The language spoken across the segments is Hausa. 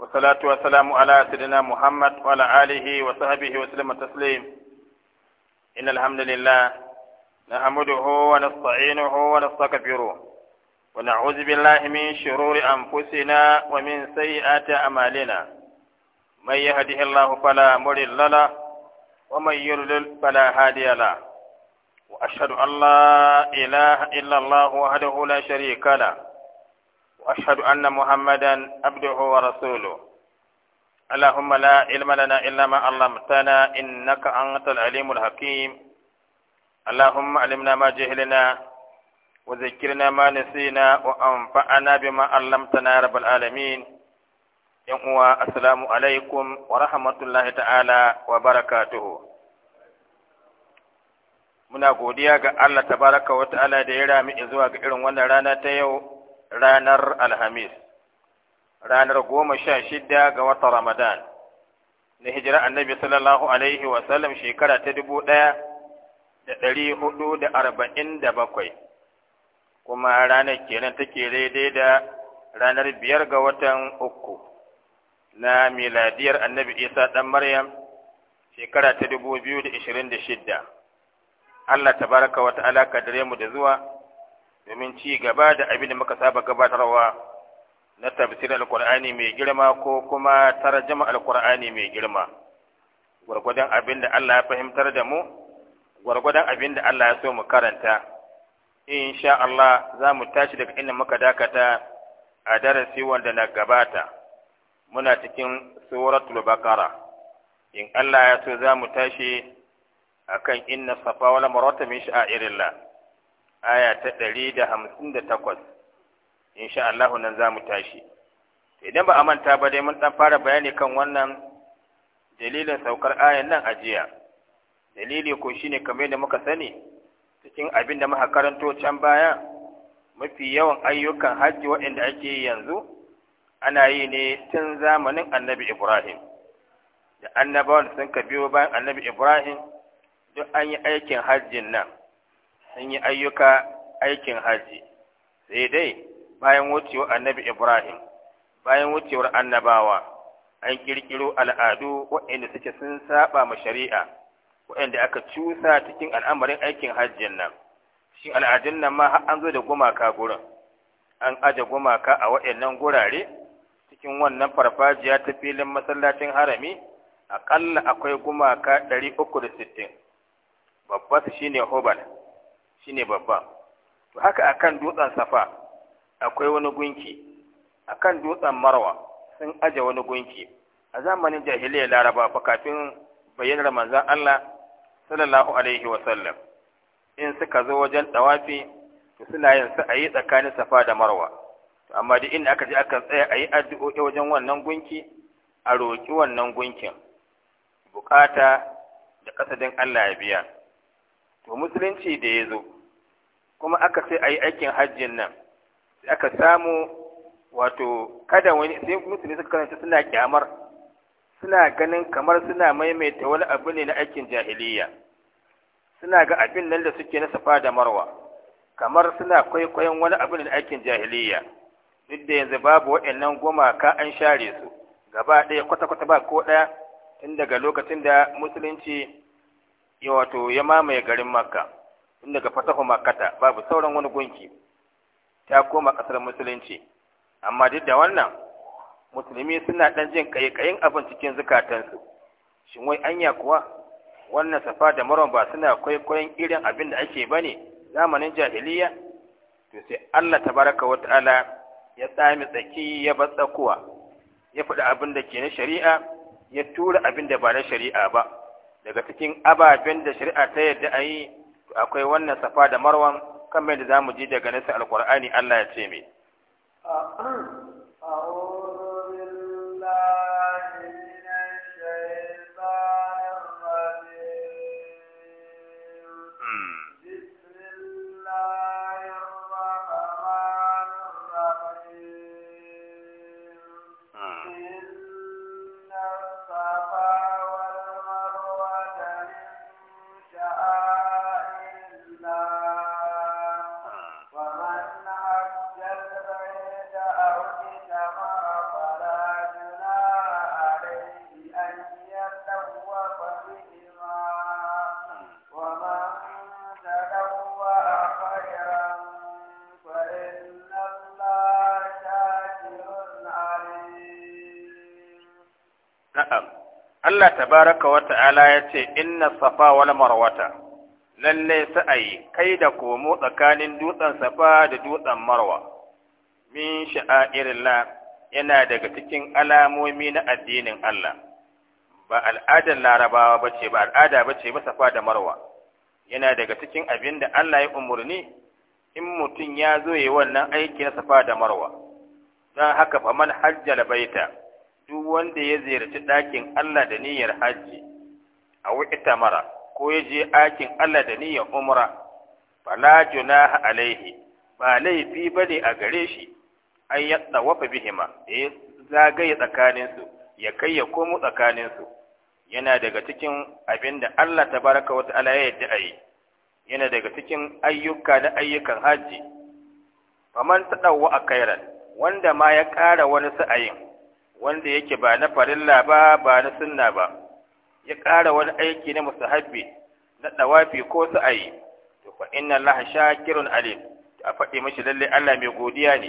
wasalatu wasalamu ala sirina muhammad wa ala wa sahbihi wa sallama taslim innal hamdalillah nahmaduhu wa nasta'inuhu wa nastaghfiruh wa na'udhu billahi min shururi anfusina wa min sayyiati a'malina may yahdihillahu fala mudilla la wa may yudlil fala hadiya wa ashhadu an la illa allah wahdahu la sharika la وأشهد أن محمدا عبده ورسوله اللهم لا علم لنا إلا ما علمتنا إنك أنت العليم الحكيم اللهم علمنا ما جهلنا وذكرنا ما نسينا وأنفعنا بما علمتنا يا رب العالمين يوم السلام عليكم ورحمة الله تعالى وبركاته muna godiya ga Allah tabaraka wa ta'ala da ya rami zuwa ga irin wannan rana ta yau ranar alhamis ranar goma sha shida ga watan ramadan na hijira annabi sallallahu alaihi wasallam shekara ta dubu ɗaya da ɗari hudu da arba'in da bakwai kuma ranar kenan take daidai da ranar biyar ga watan uku na miladiyar annabi isa ɗan maryam shekara ta dubu biyu da ishirin da shida. allah tabaraka wata alaka dare mu da zuwa domin ci gaba da abin da muka saba gabatarwa na tafsirin alkur'ani mai girma ko kuma tarjama alkur'ani mai girma gwargwadon abin da Allah ya fahimtar da mu gwargwadon abin da Allah ya so mu karanta insha Allah za mu tashi daga inda muka dakata a darasi wanda na gabata muna cikin suratul bakara in Allah ya so za mu tashi akan inna safa wal marwata min sha'irillah aya ta ɗari da hamsin da takwas insha Allahu nan za mu tashi idan ba a manta ba dai mun ɗan fara bayani kan wannan dalilin saukar ayan nan a jiya dalili ko shine kamar yadda muka sani cikin abin da muka karanto can baya mafi yawan ayyukan hajji waɗanda ake yi yanzu ana yi ne tun zamanin annabi ibrahim da annabawan sun ka biyo bayan annabi ibrahim duk an yi aikin hajjin nan sun yi ayyuka aikin haji sai dai bayan wucewar annabi ibrahim bayan wucewar annabawa an kirkiro al'adu waɗanda suke sun saba ma shari'a waɗanda aka cusa cikin al'amarin aikin hajjin nan cikin al'adun nan ma har an zo da gumaka gurin an aje gumaka a waɗannan gurare cikin wannan farfajiya ta filin masallacin harami aƙalla akwai gumaka ɗari uku da sittin Babbas shine hobal shine babba to haka akan dutsen safa akwai wani gunki akan dutsen marwa sun aje wani gunki a zamanin jahiliya laraba ba kafin bayyanar manzon Allah sallallahu alaihi wa in suka zo wajen dawafi to suna yin su ayi tsakanin safa da marwa amma duk inda aka je aka tsaya a yi addu'o'i wajen wannan gunki a roƙi wannan gunkin bukata da ƙasadin Allah ya biya to musulunci da ya zo kuma aka sai a yi aikin hajjin nan sai aka samu wato kada wani sai musulmi suka karanta suna kyamar suna ganin kamar suna maimaita wani abu ne na aikin jahiliya suna ga abin nan da suke na safa da marwa kamar suna kwaikwayon wani abu ne na aikin jahiliya duk da yanzu babu waɗannan gumaka an share su gaba ɗaya kwata-kwata ba ko ɗaya tun daga lokacin da musulunci ya wato ya mamaye garin makka tun daga fatahu Makata, babu sauran wani gunki ta koma kasar musulunci amma duk da wannan musulmi suna dan jin kaikayin abin cikin zukatansu shin wai anya kuwa wannan safa da marwan ba suna kwaikwayon irin abin da ake ne zamanin jahiliya to sai Allah tabaraka wa ta'ala ya tsami tsaki ya batsakuwa ya faɗi abin da ke na shari'a ya tura abin da ba na shari'a ba daga cikin ababen da shari'a ta yadda a yi akwai wannan safa da marwan mai da za mu ji daga nasa alkur'ani allah ya ce mai Allah tabaraka wa ta'ala ya ce inna safa wal marwata lalle sa'ayi kai da komo tsakanin dutsen safa da dutsen marwa min sha'airillah yana daga cikin alamomi na addinin Allah ba al'adar larabawa ba ce, ba al'ada ba ce ba safa da marwa yana daga cikin abin da Allah ya umarni? in mutum ya zo yi wannan aiki na safa da marwa don haka faman hajjal baita duk wanda ya ziyarci ɗakin Allah da niyyar hajji a wuƙi tamara. ko ya je ɗakin Allah da niyyar umra fala junaha alaihi ba laifi ba ne a gare shi an ya tsawafa bihima ya zagaye tsakaninsu ya kai ya komo tsakaninsu yana daga cikin abin da Allah ta wata ta'ala ya yadda yi. yana daga cikin ayyuka na ayyukan hajji faman ɗauwa a kairan wanda ma ya ƙara wani sa'ayin wanda yake ba na farilla ba ba na sunna ba ya kara wani aiki na musahabbi na dawafi ko sa'ayi to fa inna Allah shakirun alim a faɗi mashi lalle Allah mai godiya ne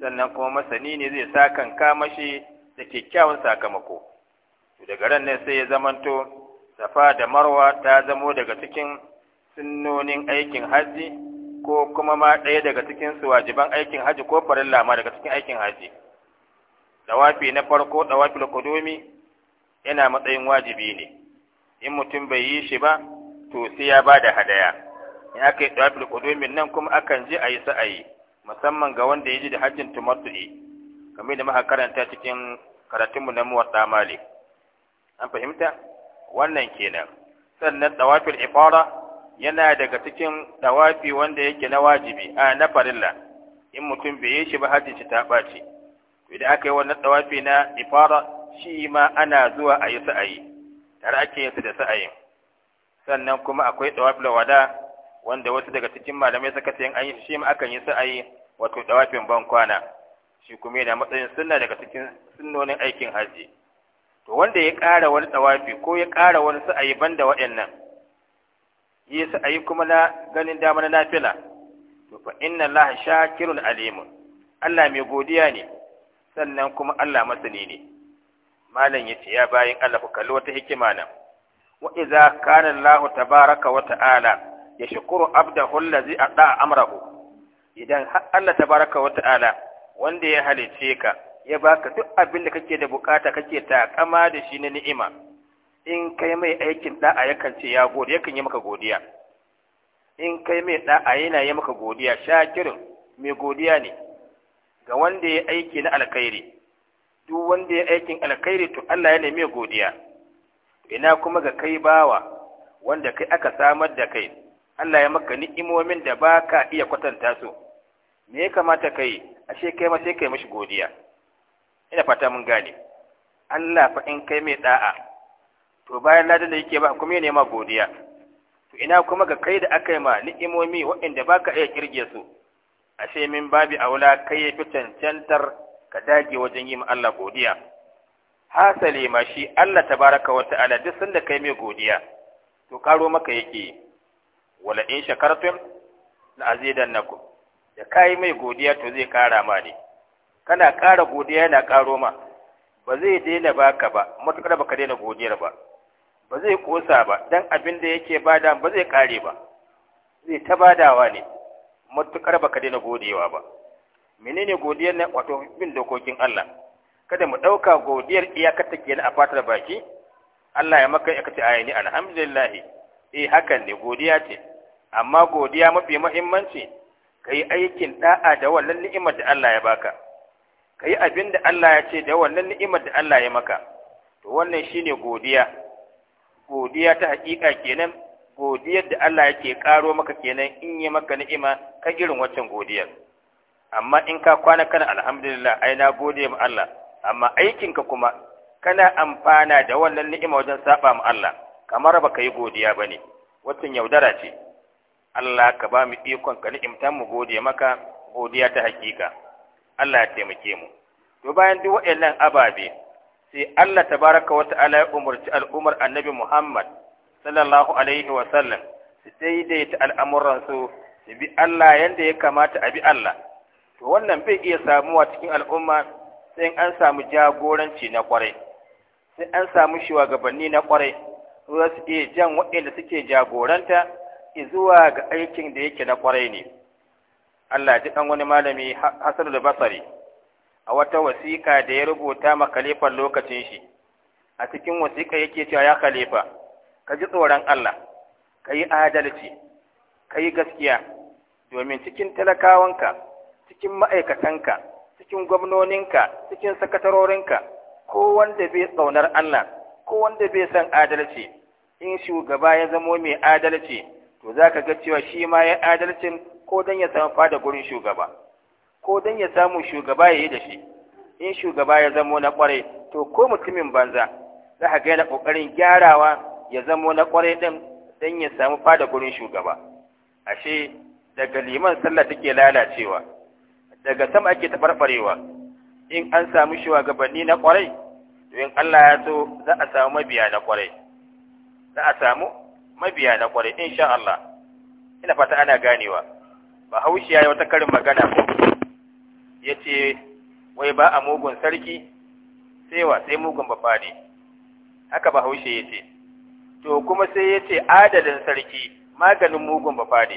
sannan kuma masani ne zai sa kanka mashi da kyakkyawan sakamako to daga ran nan sai ya zamanto safa da marwa ta zamo daga cikin sunnonin aikin hajji ko kuma ma ɗaya daga cikin su wajiban aikin hajji ko farilla ma daga cikin aikin hajji dawafi na farko da qudumi yana matsayin wajibi ne in mutum bai yi shi ba to sai ya bada hadaya in aka yi da nan kuma akan ji sa'a sa'ayi musamman ga wanda ya ji da hajjin tumatu'i kamar da muka karanta cikin karatunmu na muwatta malik an fahimta wannan kenan sannan dawafil ifara yana daga cikin dawafi wanda yake na wajibi a na farilla in mutum bai yi shi ba hajjin shi ta ɓaci idan aka yi wannan dawafi na ifara shi ma ana zuwa a yi sa'ayi tare ake yin su da sa'ayin sannan kuma akwai dawafin wada wanda wasu daga cikin malamai suka ce an yi shi ma akan yi sa'ayi wato dawafin ban kwana shi kuma yana matsayin sunna daga cikin sunnonin aikin hajji to wanda ya ƙara wani dawafi ko ya ƙara wani sa'ayi banda waɗannan yi sa'ayi kuma na ganin dama na nafila to fa inna allaha shakirul alimun Allah mai godiya ne sannan kuma Allah masani ne malam yace ya bayin Allah ku kalli wata hikima nan wa idza kana Allah ya wa ta'ala yashkuru abdahu allazi ata amrahu idan Allah tabaaraka wa ta'ala wanda ya halice ka ya baka duk abin da kake da bukata kake kama da shi na ni'ima in kai mai aikin da'a yakan ce ya gode yakan yi maka godiya in kai mai da'a yana yi maka godiya shakirin mai godiya ne ga wanda ya aiki na alkhairi duk wanda ya aikin alkhairi to Allah ya nemi godiya ina kuma ga kai bawa wanda kai aka samar da kai Allah ya maka ni'imomin da ba ka iya kwatanta su me ya kamata kai ashe kai ma sai kai mashi godiya ina fata mun gane Allah fa in kai mai da'a to bayan ladan da yake ba kuma ya nema godiya to ina kuma ga kai da aka yi ma ni'imomi waɗanda ba ka iya kirge su ashe min babi aula kai ya fi cancantar ka dage wajen yi Allah godiya hasale ma shi Allah Ta baraka wa ta'ala duk sanda kai mai godiya to karo maka yake wala in shakartum la azidannakum da kai mai godiya to zai kara ma ne kana kara godiya yana karo ma ba zai daina baka ba matukar ka daina godiyar ba ba zai kosa ba don abin da yake bada ba zai kare ba zai ta badawa ne matukar baka daina godewa ba menene godiyar nan wato bin dokokin Allah kada mu ɗauka godiyar iyakar kenan a fatar baki Allah ya maka yakace ayani alhamdulillah eh hakan ne godiya ce amma godiya mafi muhimmanci kai aikin da'a da wannan ni'imar da Allah ya baka kai abin da Allah ya ce da wannan ni'imar da Allah ya maka to wannan shine godiya godiya ta hakika kenan godiyar da Allah yake karo maka kenan in yi maka ni'ima ka irin waccan godiyar amma in ka kwana kana alhamdulillah ai na gode ma Allah amma aikinka kuma kana amfana da wannan ni'ima wajen saba ma Allah kamar baka yi godiya bane wancan yaudara ce Allah ka ba mu ikon ka ni'imtan mu gode maka godiya ta hakika Allah ya taimake mu to bayan duk waɗannan ababe sai Allah tabaraka wa ta'ala ya umurci al'umar annabi Muhammad sallallahu alaihi wa sallam su daidaita al'amuransu su bi Allah yadda ya kamata a bi Allah to wannan bai iya samuwa cikin al'umma sai an samu jagoranci na kwarai sai an samu shugabanni na kwarai za su iya jan waɗanda suke jagoranta zuwa ga aikin da yake na kwarai ne Allah ji ɗan wani malami Hassan da Basari a wata wasiƙa da ya rubuta ma lokacin shi a cikin wasiƙa yake cewa ya khalifa ka ji tsoron Allah ka yi adalci ka yi gaskiya domin cikin talakawanka cikin ma'aikatanka cikin gwamnoninka cikin sakatarorinka ko wanda bai tsaunar Allah ko wanda bai san adalci in shugaba ya zamo mai adalci to za ka ga cewa shi ma ya adalcin ko don ya samu fada gurin shugaba ko don ya samu shugaba ya yi da shi in shugaba ya zamo na kwarai to ko mutumin banza za ka ga ƙoƙarin gyarawa ya zamo na kwarai din don ya samu fada gurin shugaba ashe daga liman sallah take lalacewa daga sama ake tabarbarewa in an samu shugabanni na kwarai to in Allah ya so za a samu mabiya na kwarai za a samu mabiya na kwarai insha Allah ina fata ana ganewa bahaushe ya yi wata karin magana ko yace wai ba a mugun sarki sai wa sai mugun bafa ne haka bahaushe yace to kuma sai ya ce adalin sarki maganin mugun bafade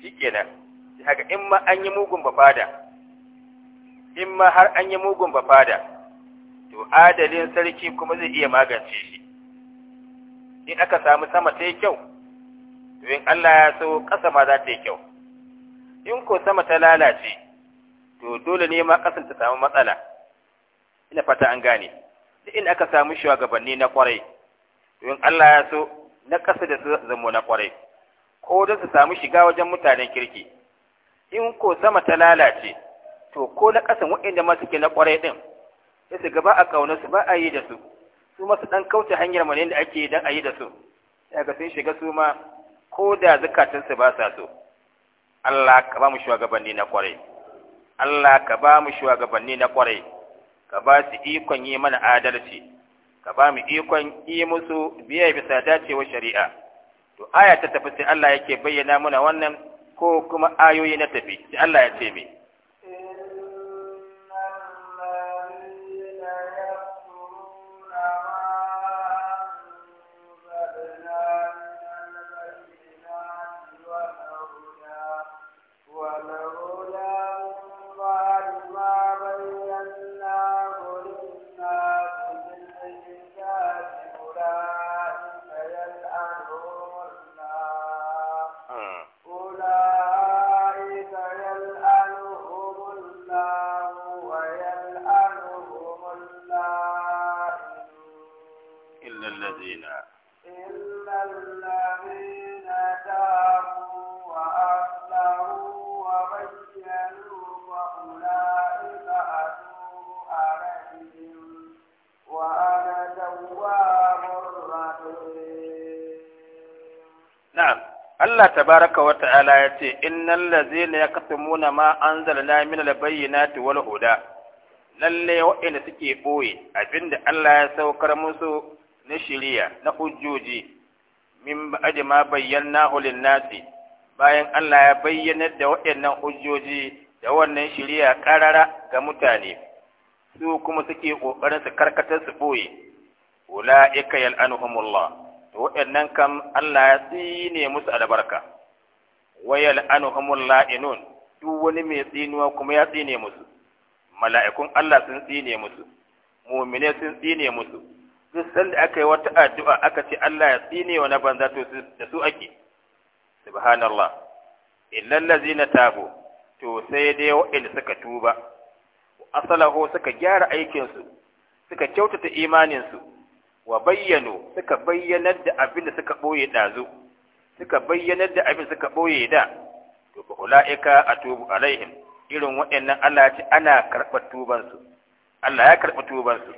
shi kenan haka in ma an yi mugun bafada in ma har an yi mugun bafada to adalin sarki kuma zai iya magance shi in aka samu sama ta yi kyau to in Allah ya so ƙasa ma za ta yi kyau in ko sama ta lalace to dole ne ma ƙasar ta samu matsala ina fata an gane in aka samu shugabanni na kwarai in Allah ya so na kasa da su zamo na kwarai ko don su samu shiga wajen mutanen kirki in ko sama ta lalace to ko na kasan waɗanda ma suke na kwarai din ya su gaba a kauna su ba a yi da su su masu ɗan kauce hanyar mane da ake don a yi da su ga sun shiga su ma ko da zukatansu ba sa so Allah ka ba mu shugabanni na kwarai Allah ka ba mu shugabanni na kwarai ka ba su ikon yi mana adalci ka ba mu ikon yi musu biya bisa dacewa shari'a to aya ta tafi sai Allah yake bayyana muna wannan ko kuma ayoyi na tafi sai Allah ya ce mai Allah tabaraka wa ta'ala ya ce ya ladzina muna ma anzalna min bayyana ta wal huda lalle wa'ina suke boye abinda Allah ya saukar musu na shirya, na hujjoji min aji ma bayyana lin-nasi bayan Allah ya bayyanar da waɗannan hujjoji da wannan shiriya ƙarara ga mutane su kuma suke ƙoƙarin su karkatar su boye ula'ika yal'anuhumullah waɗannan kam Allah ya tsine musu albarka wayal anhumul la'inun duk wani mai tsinuwa kuma ya tsine musu mala'ikun Allah sun tsine musu mu'mine sun tsine musu duk sanda aka yi wata addu'a aka ce Allah ya tsine wa na banza to da su ake subhanallah illal ladzina tabu to sai dai waɗanda suka tuba asalahu suka gyara aikinsu suka kyautata imaninsu wa bayyano suka bayyanar da abin da suka ɓoye ɗazu suka bayyanar da abin suka ɓoye da to ba ula'ika a tubu alaihim irin waɗannan Allah ce ana karɓar tubansu Allah ya karɓi tubansu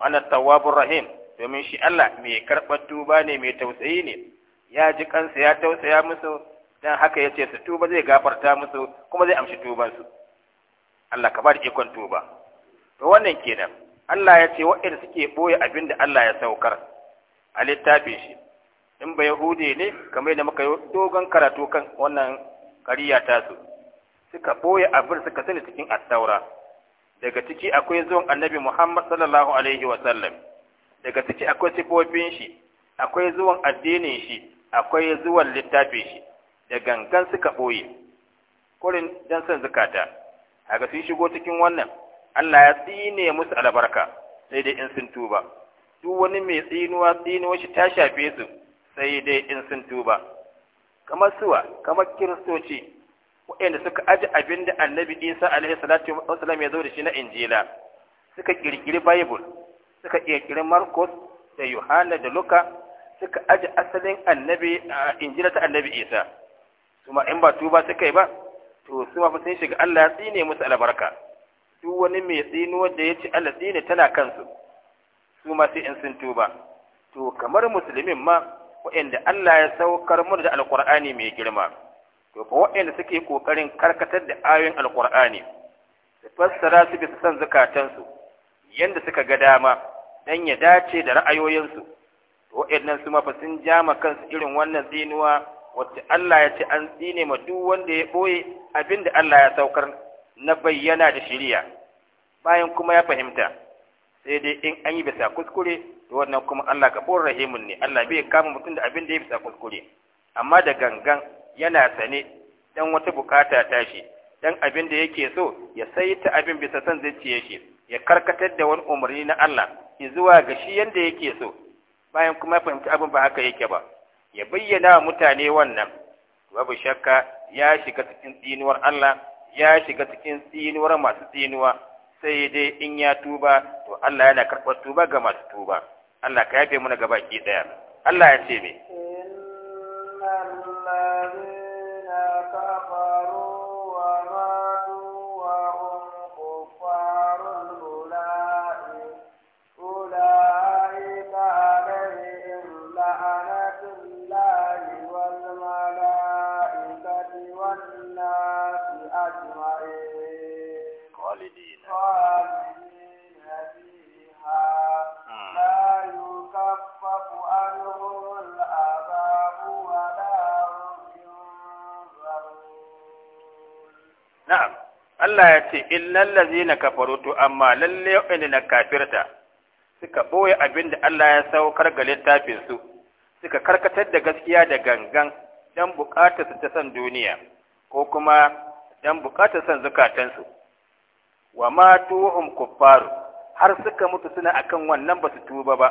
ana tawwabur rahim domin shi Allah mai karɓar tuba ne mai tausayi ne ya ji kansa ya tausaya musu dan haka ya ce su tuba zai gafarta musu kuma zai amshi tubansu Allah ka ba da ikon tuba to wannan kenan Allah ya ce waɗanda suke ɓoye abin da Allah ya saukar a littafin shi in ba Yahudi ne kamar yadda muka yi dogon karatu kan wannan kariya tasu suka ɓoye abin suka sani cikin attaura daga ciki akwai zuwan annabi Muhammad sallallahu alaihi wa daga ciki akwai sifofin shi akwai zuwan addinin shi akwai zuwan littafin shi da gangan suka ɓoye kurin dan son zukata sun shigo cikin wannan Allah ya tsine musu albarka sai dai in sun tuba duk wani mai tsinuwa tsinuwa shi ta shafe su sai dai in sun tuba kamar suwa kamar kiristoci waɗanda suka aji abin da annabi isa alaihi salatu wasalam ya zo da shi na injila suka kirkiri bible suka kirkiri marcos da yohana da luka suka aji asalin annabi injila ta annabi isa kuma in ba tuba suka yi ba to su ma fa sun shiga allah ya tsine musu albarka duk wani mai tsinuwa da ya ci Allah alasini tana kansu su ma sai in sun tuba to kamar musulmin ma waɗanda Allah ya saukar mu da alkur'ani mai girma to fa waɗanda suke kokarin karkatar da ayoyin alkur'ani su fassara su bisa san zakatansu yanda suka ga dama dan ya dace da ra'ayoyinsu to waɗannan su ma fa sun jama kansu irin wannan tsinuwa wacce Allah ya ci an tsine ma duk wanda ya boye abin da Allah ya saukar na bayyana da shirya. bayan kuma ya fahimta sai dai in an yi bisa kuskure to wannan kuma Allah gafur rahimun ne Allah bai kama mutum da abin da ya bisa kuskure amma da gangan yana sane dan wata bukata tashi dan abin da yake so ya saita abin bisa san zuciyar shi ya karkatar da wani umarni na Allah zuwa ga shi yanda yake so bayan kuma ya fahimci abin ba haka yake ba ya bayyana wa mutane wannan babu shakka ya shiga cikin tsinuwar Allah ya shiga cikin tsinuwar masu tsinuwa sai dai in ya tuba to Allah yana karɓar tuba ga masu tuba Allah ka yafe mana na gaba ki daya Allah ya ce me Allah ya ce innal ladzina na to amma lalle wani na kafirta suka ɓoye abin da Allah ya saukar ga littafinsu suka karkatar da gaskiya da gangan don buƙatarsu ta san duniya ko kuma don buƙatar san zukatansu wa ma matuhum kuffaru har suka mutu suna akan wannan ba su tuba ba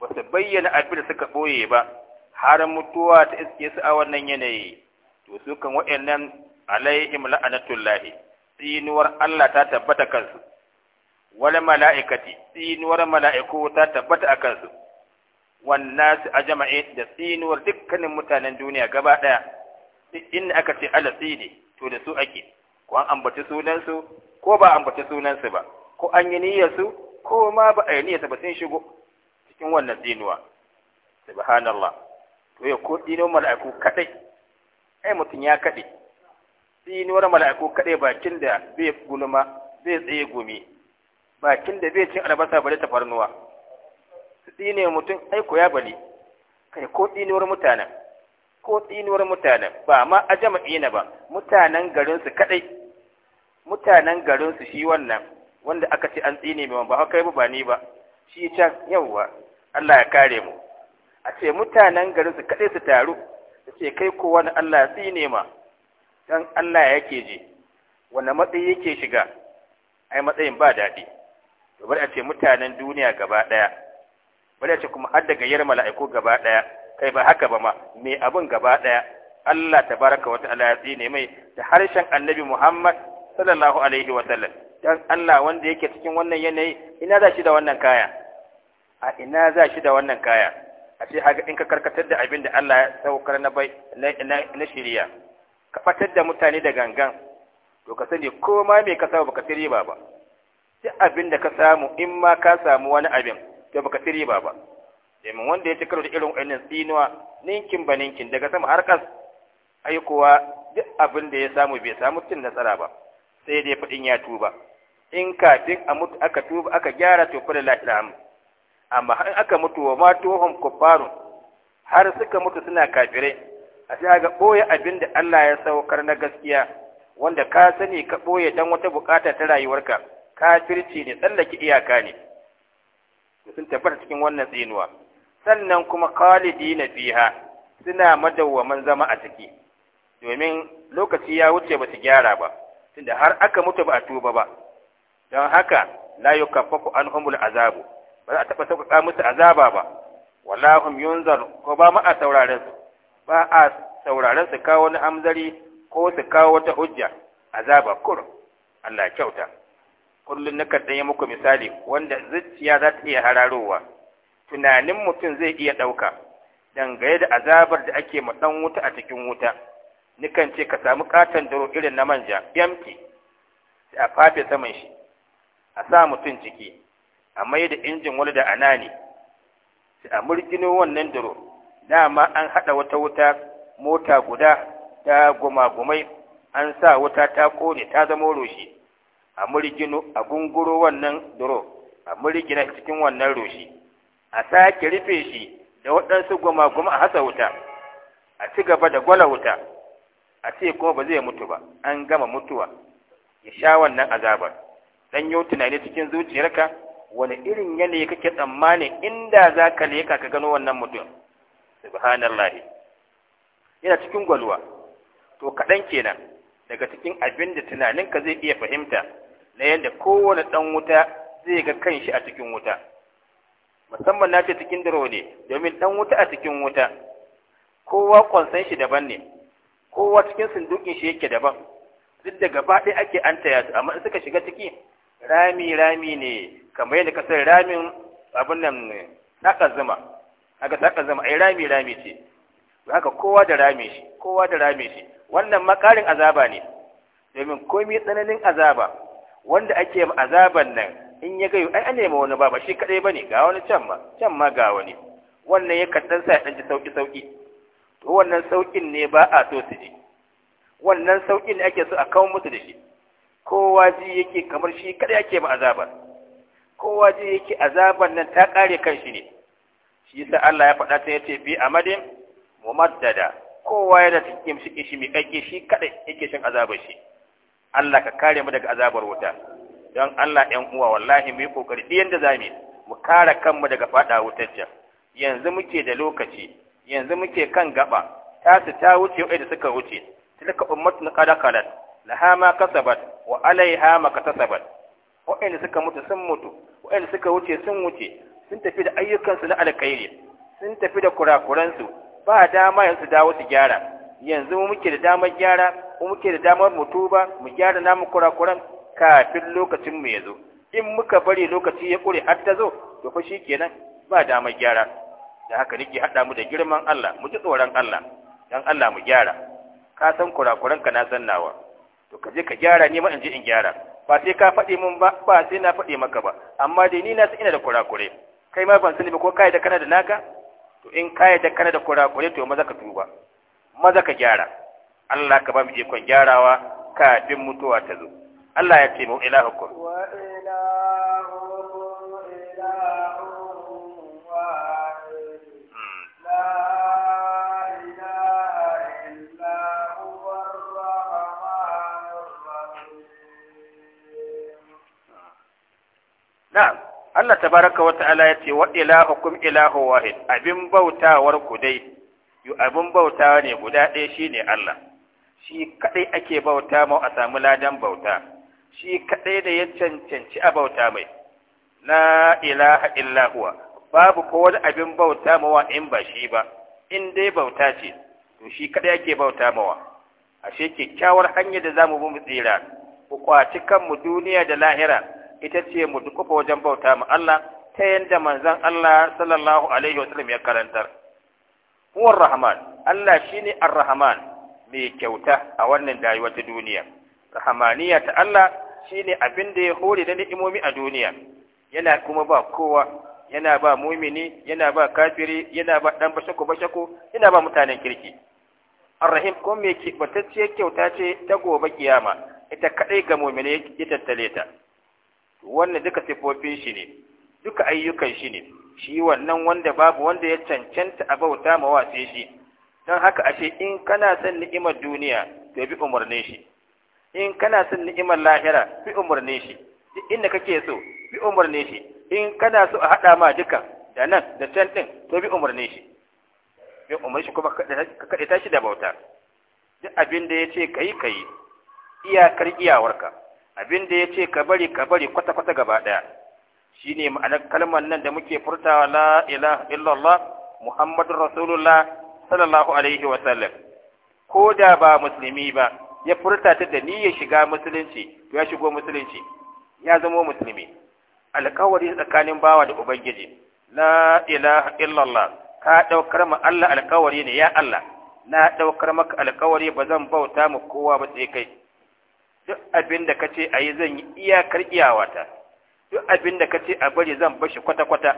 ba su bayyana abin da suka ɓoye ba har mutuwa ta iske su a wannan yanayi to su kan waɗannan alaihim la'anatullahi tsinuwar Allah ta tabbata kansu Wani mala'ikati tsinuwar mala'iku ta tabbata a kansu Wannan su a jama'i da tsinuwar dukkanin mutanen duniya gaba ɗaya in aka ce ala tsini to da su ake ko an ambaci sunansu? ko ba ambaci sunansu ba ko an yi niyyar ko ma ba a yi niyyarsu ba sun shigo cikin wannan tsinuwa subhanallah to yi ko tsinuwar mala'iku kaɗai. ai mutum ya kaɗai, tsinuwar mala'iku kaɗai bakin da zai gulma zai tsaye gumi bakin da zai cin albasa bari ta farnuwa su tsine mutum aiko ya bali kai ko tsinuwar mutanen ko tsinuwar mutanen ba ma a jama'ina ba mutanen garinsu kaɗai mutanen garinsu shi wannan wanda aka ce an tsine mai ba haka ba ni ba shi can yawwa Allah ya kare mu a ce mutanen garinsu kaɗai su taru su ce kai ko wani Allah ya tsine ma dan Allah yake je wanda matsayi yake shiga ai matsayin ba daɗi to bari a ce mutanen duniya gaba ɗaya bari a ce kuma har daga yar mala'iku gaba ɗaya kai ba haka ba ma me abin gaba ɗaya Allah tabaraka wa ta'ala ya tsine mai da harshen annabi Muhammad sallallahu alaihi wa sallam dan Allah wanda yake cikin wannan yanayi ina za shi da wannan kaya a ina za shi da wannan kaya a ce haka in ka karkatar da abin da Allah ya saukar na bai na shirya ka batar da mutane da gangan to ka sani ko ma me ka samu baka ci ba duk abin da ka samu in ma ka samu wani abin to baka ci ba domin wanda ya ci karo da irin wannan tsinuwa ninkin ba ninkin daga sama har kas ai duk abin da ya samu bai samu cin nasara ba sai dai fadin ya tuba in kafin a mutu aka tuba aka gyara to fa lillahi amma in aka mutu wa ma tuhum kuffarun har suka mutu suna kafirai a sai ga ɓoye abin da Allah ya saukar na gaskiya wanda ka sani ka ɓoye don wata bukata ta rayuwarka kafirci ne tsallake iyaka ne sun tabbata cikin wannan tsinuwa sannan kuma khalidi na fiha suna madawwaman zama a ciki domin lokaci ya wuce ba su gyara ba tunda har aka mutu ba a tuba ba don haka la yukaffafu anhumul azabu ba za a taɓa sauƙaƙa musu azaba ba wala yunzar ko ba ma a sauraren su ba a sauraron su kawo wani amzari ko su kawo wata hujja azaba kur Allah kyauta kullun na kaddan ya muku misali wanda zuciya za ta iya hararowa tunanin mutum zai iya ɗauka dangane da azabar da ake ma ɗan wuta a cikin wuta nikan ce ka samu katon daro irin na manja yamki a fafe saman shi a sa mutum ciki a mai da injin wani da anani a murgino wannan daro dama an haɗa wata wuta mota guda ta gumagumai an sa wuta ta kone ta zama roshi a murgino a gunguro wannan duro a murgina cikin wannan roshi a sake rufe shi da waɗansu gumaguma a hasa wuta a ci gaba da gwala wuta a ce kuma ba zai mutu ba an gama mutuwa ya sha wannan azabar dan yau tunani cikin zuciyarka wani irin yanayi kake tsammanin inda za ka leka ka gano wannan mutum subhanallahi yana cikin gwalwa to kaɗan kenan daga cikin abin da tunaninka zai iya fahimta na yadda kowane ɗan wuta zai ga kanshi a cikin wuta musamman na ce cikin duro ne domin ɗan wuta a cikin wuta kowa kwansan shi daban ne kowa cikin sundukin shi yake daban duk da gaba ɗaya ake an taya su amma suka shiga ciki rami rami ne kamar yadda kasar ramin abin nan na zuma aka saka zama ai rami rami ce haka kowa da rami shi kowa da rami shi wannan makarin azaba ne domin komai tsananin azaba wanda ake ma azaban nan in ya gayu ai an nemi wani ba ba shi kadai bane ga wani can ma can ma ga wani wannan ya kaddan sa ya dan ji sauki sauki to wannan saukin ne ba a so su ji wannan saukin ne ake so a kawo musu da shi kowa ji yake kamar shi kadai ake ma azaba kowa ji yake azaban nan ta kare kan shi ne shi yasa Allah ya faɗa ta yace bi amadin mumaddada kowa yana cikin shi shi mi kake shi kada yake shan azabar shi Allah ka kare mu daga azabar wuta don Allah ɗan uwa wallahi mu yi kokari ɗiyan da zamu mu kare kanmu daga faɗa wutar can yanzu muke da lokaci yanzu muke kan gaba Tasi ta wuce wai da suka wuce tilka ummatun qada qalat laha ma kasabat wa alaiha ma kasabat in suka mutu sun mutu in suka wuce sun wuce sun tafi da ayyukansu na alƙairi sun tafi da kurakuransu ba dama yanzu dawo su gyara yanzu mu muke da damar gyara mu muke da damar mutuba mu gyara namu kurakuran kafin lokacin mu zo. in muka bari lokaci ya kure har ta zo to fa kenan, ba damar gyara da haka nake hada mu da girman Allah mu ji tsoron Allah dan Allah mu gyara ka san kurakuran ka na san nawa to ka je ka gyara ni ma in je in gyara ba sai ka faɗi mun ba ba sai na faɗi maka ba amma dai ni na san ina da kurakure kai ma ban sani ba ko kai da kana da naka to in kai da kana da kurakure to maza ka tuba maza ka gyara Allah ka ba mu ikon gyarawa kafin mutuwa ta zo Allah ya ce mu ilahukum wa Na'am. Allah ta baraka wata ala ya ce wa kum ilahu wahid abin bautawar ku dai yu abin bauta ne guda ɗaya shine Allah shi kaɗai ake bauta mau a samu ladan bauta shi kaɗai da ya cancanci a bauta mai la ilaha illa huwa babu ko wani abin bauta mawa in ba shi ba in dai bauta ce to shi kaɗai ake bauta mawa ashe kyakkyawar hanyar da zamu bi mu tsira ku kwaci kanmu duniya da lahira ita ce mu dukufa wajen bauta ma Allah ta yanda manzon Allah sallallahu alaihi sallam ya karantar huwar rahman Allah shine ar-rahman mai kyauta a wannan dayuwa ta duniya rahmaniya ta Allah shine abin da ya hore da ni'imomi a duniya yana kuma ba kowa yana ba mumini yana ba kafiri yana ba dan bashako bashako yana ba mutanen kirki rahim ko me kyauta ce ta gobe kiyama ita kadai ga mumini ya tattale ta wannan duka sifofin shi ne duka ayyukan shi ne shi wannan wanda babu wanda ya cancanta a bauta ma wace shi don haka ashe in kana son ni'imar duniya to bi umarne shi in kana son ni'imar lahira bi umarne shi duk inda kake so bi umarne shi in kana so a haɗa ma duka da nan da can ɗin to bi umarne shi bi umarne shi kuma ka kaɗe tashi da bauta duk abin da ya ce ka yi ka yi iyakar iyawarka abin da ya ce ka bari ka bari kwata-kwata gaba ɗaya shi ne ma'anar kalmar nan da muke furtawa la ilaha illallah Muhammadu rasulullah sallallahu alaihi wasallam ko da ba musulmi ba ya furta ta da ni ya shiga musulunci ya shigo musulunci ya zama musulmi alkawari tsakanin bawa da ubangiji la ilaha illallah ka ɗaukar ma Allah alkawari ne ya Allah na ɗaukar maka alkawari ba zan bauta mu kowa ba sai kai duk abin da kace ayi zan yi iyakar iyawata duk abin da ce a bari zan bashi kwata kwata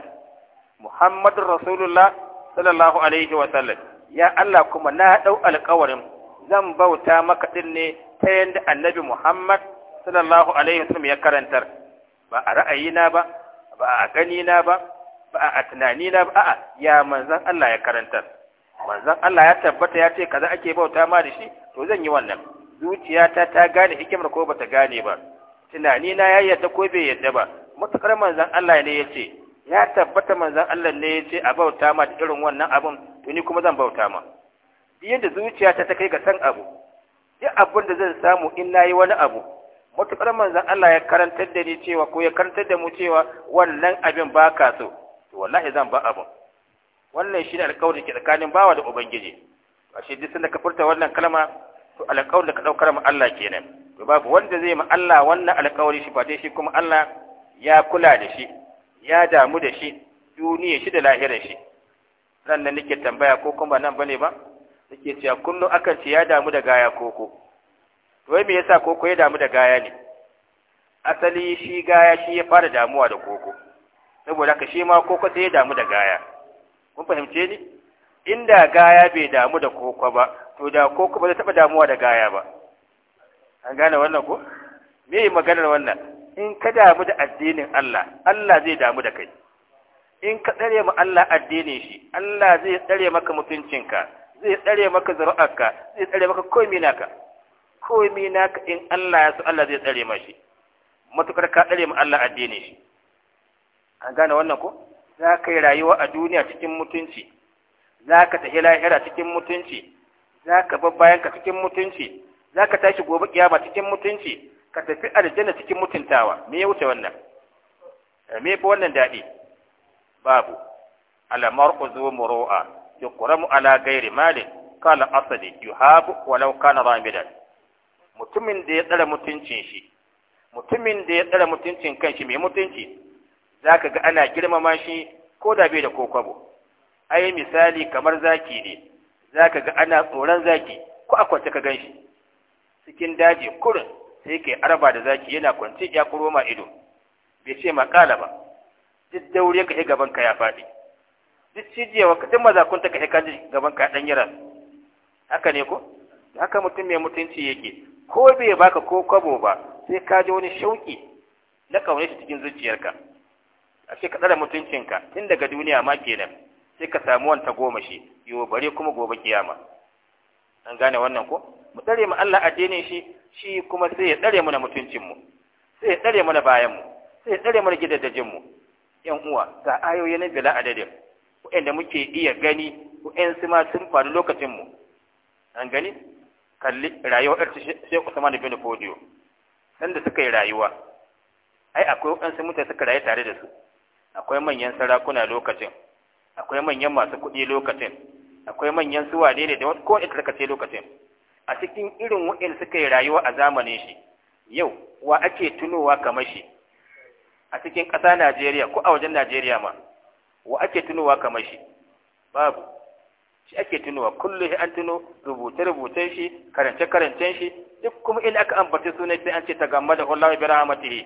muhammadu Rasulullah sallallahu alaihi wa ya Allah kuma na dau alƙawarin zan bauta maka ɗin ne ta yadda Annabi Muhammad sallallahu alaihi wa ya karantar ba a ra'ayina ba ba a ganina ba ba a tunanina ba a'a ya manzan Allah ya karantar manzon Allah ya tabbata ya ce kaza ake bauta ma da shi to zan yi wannan zuciyata ta gane hikimar ko bata gane ba tunani na ya yadda ko bai yadda ba matukar manzon Allah ne yace ya tabbata manzon Allah ne yace a bauta ma da irin wannan abun to ni kuma zan bauta ma yadda zuciyata ta kai ga san abu duk abin da zan samu in nayi wani abu matukar manzon Allah ya karantar da ni cewa ko ya karantar da mu cewa wannan abin ba ka so to wallahi zan ba abin wannan shi ne alƙawarin ke tsakanin bawa da ubangiji ashe duk sanda ka furta wannan kalma to alƙawarin da ka ɗaukar ma Allah kenan to babu wanda zai ma Allah wannan alƙawari shi fate shi kuma Allah ya kula da shi ya damu da shi duniya shi da lahirar shi nan da nake tambaya ko kuma nan bane ba nake cewa kullum akan ce ya damu da gaya koko to wai me yasa koko ya damu da gaya ne asali shi gaya shi ya fara damuwa da koko saboda haka shi ma koko sai ya damu da gaya kun fahimce ni inda gaya bai damu da koko ba to da ko kuma zai taɓa damuwa da gaya ba an gane wannan ko me yi maganar wannan in ka damu da addinin Allah Allah zai damu da kai in ka tsare ma Allah addinin shi Allah zai tsare maka mutuncinka zai tsare maka zuri'arka zai tsare maka komai naka komai naka in Allah ya so Allah zai tsare mashi matukar ka tsare ma Allah addinin shi an gane wannan ko za ka yi rayuwa a duniya cikin mutunci za ka tafi lahira cikin mutunci za ka bar bayan ka cikin mutunci za ka tashi gobe kiyama cikin mutunci ka tafi aljanna cikin mutuntawa me ya wuce wannan eh, me fi wannan daɗi babu Alamar zu muru'a mu ala ghairi malin asali yu yuhabu walau kana ramidan mutumin da ya tsara mutuncin shi mutumin da ya tsara mutuncin kanshi mai mutunci zaka ga ana girmama shi ko da bai da kokwabo ai misali kamar zaki ne za ka ga ana tsoron zaki ko a kwance ka gan shi cikin daji kurin sai kai araba da zaki yana kwance ya kuro ma ido bai ce ma kala ba duk daure ka gaban ka ya faɗi duk cijewa ka duk mazakunta ka ka ji gaban ka ɗan yara haka ne ko haka mutum mai mutunci yake ko bai baka ko kwabo ba sai ka ji wani shauki na kaune shi cikin zuciyarka ashe ka tsara mutuncinka tun daga duniya ma kenan sai ka samu wanta goma shi yo bare kuma gobe kiyama an gane wannan ko mu tsare mu Allah addinin shi shi kuma sai ya tsare mu na mutuncin mu sai ya tsare mu na bayan mu sai ya tsare mu na gidajen mu yan uwa ga ayoyi na bila adadin da muke iya gani su ma sun faru lokacin mu an gani kalli rayuwar irci Sheikh Usman bin Fodio sanda suka yi rayuwa ai akwai wa'ansu mutane suka rayu tare da su akwai manyan sarakuna lokacin akwai manyan masu kuɗi lokacin akwai manyan suwa ne da kowane ta tarkace lokacin a cikin irin wa'in suka yi rayuwa a zamanin shi yau wa ake tunowa kamar shi a cikin ƙasa Najeriya ko a wajen Najeriya ma wa ake tunowa kamar shi babu shi ake tunowa kullum an tuno rubuce-rubucen shi karance-karancen shi duk kuma in aka ambaci sunan sai an ce ta gamma da Allah bi rahmatihi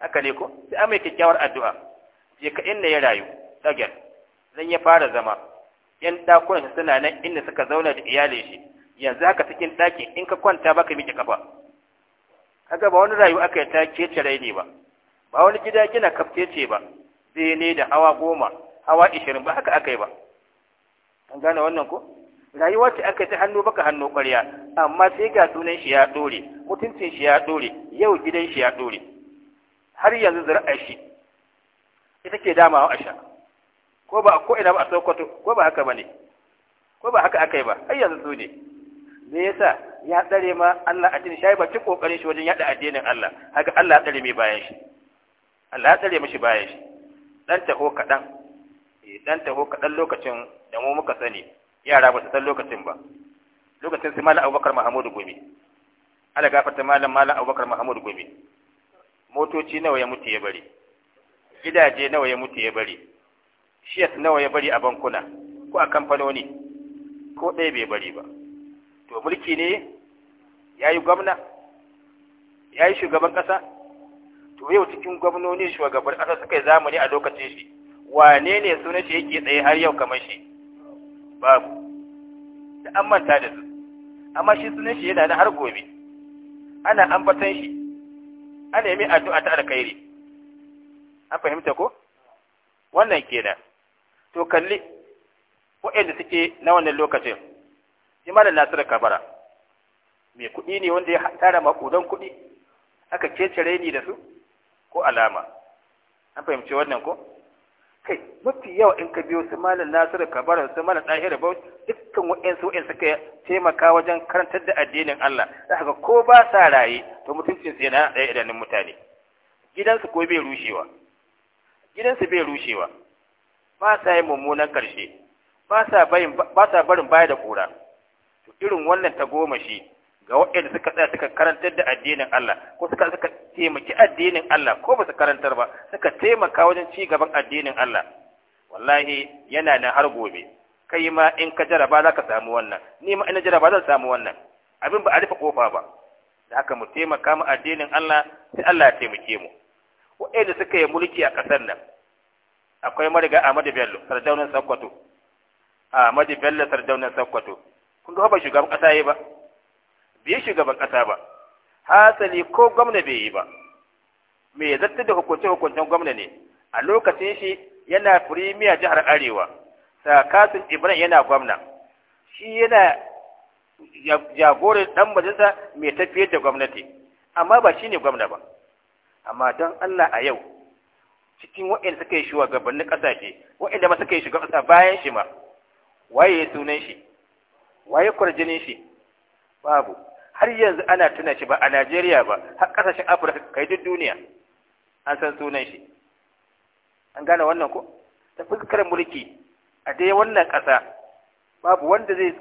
haka ne ko sai an mai kyakkyawar addu'a je ka inna ya rayu dagen Zan ya fara zama yan dakunan suna nan inda suka zauna da iyalin shi yanzu haka cikin ɗakin in ka kwanta baka miƙe kafa kaga ba wani rayuwa aka yi ta kece rai ne ba ba wani gida gina ce ba zai ne da hawa goma hawa ishirin ba haka aka yi ba an gane wannan ko rayuwa ce aka yi ta hannu baka hannu ƙwarya amma sai ga sunan shi ya ɗore mutuncin shi ya ɗore yau gidan shi ya ɗore har yanzu zuri'ar shi ita ke damawa a sha ko ba ko ina ba a sokoto ko ba haka bane ko ba haka akai ba ai yanzu su ne me yasa ya tsare ma Allah a cikin shayi ba ci kokarin shi wajen yada addinin Allah haka Allah ya tsare mai bayan shi Allah ya tsare mishi bayan shi dan taho kadan eh, dan taho kadan lokacin da mu muka sani yara ba su san lokacin ba lokacin sai malam Abubakar Mahmud Gumi ga gafarta malam malam Abubakar Mahmud Gumi motoci nawa ya mutu ya bari gidaje nawa ya mutu ya bari shiyas nawa ya bari a bankuna ko a kamfanoni ko ɗaya bai bari ba to mulki ne ya yi gwamna ya yi shugaban ƙasa to yau cikin gwamnoni shugaban ƙasa suka yi zamani a lokacin shi wane ne sunan shi yake tsaye har yau kamar shi babu da an manta da su amma shi sunan shi yana na har gobe ana ambatan shi ana yi addu'a ta alkhairi an fahimta ko wannan kenan to kalli da suke na wannan lokacin da nasir kabara mai kuɗi ne wanda ya tara makudan kuɗi aka cecere ni da su ko alama an fahimci wannan ko kai mafi yawa in ka biyo su malin nasir kabara su mana ɗahira ba dukkan waɗansu waɗanda suka taimaka wajen karantar da addinin Allah za ka ko ba sa raye to mutuncinsu yana ɗaya idanun mutane gidansu ko bai rushewa gidansu bai rushewa ba sa yin mummunan ƙarshe ba sa barin baya da ƙura irin wannan ta goma shi ga waɗanda suka tsaya suka karantar da addinin Allah ko suka suka taimaki addinin Allah ko ba su karantar ba suka taimaka wajen ci gaban addinin Allah wallahi yana nan har gobe kai ma in ka jaraba za ka samu wannan ni ma ina jaraba zan samu wannan abin ba a rufe kofa ba da haka mu taimaka mu addinin Allah sai Allah ya taimake mu waɗanda suka yi mulki a ƙasar nan akwai mariga Ahmadu Bello sardaunan Sokoto Ahmadu Bello sardaunan Sokoto kun ga ba shugaban kasa yayi ba Biye shugaban kasa ba hasali ko gwamna bai yi ba me zatta da hukunce hukuncen gwamna ne a lokacin shi yana firimiya jihar Arewa Sakatun Ibrahim yana gwamna shi yana jagorin dan majalisa mai tafiyar da gwamnati amma ba shine gwamna ba amma don Allah a yau cikin waɗanda suka yi gabanin ƙasashe waɗanda ma suka yi shugaban ƙasa bayan shi ma waye sunan shi waye kwarjinin shi babu har yanzu ana tuna shi ba a Najeriya ba har ƙasashen Afirka kai duk duniya an san sunan shi an gane wannan ko ta fuskar mulki a dai wannan ƙasa babu wanda zai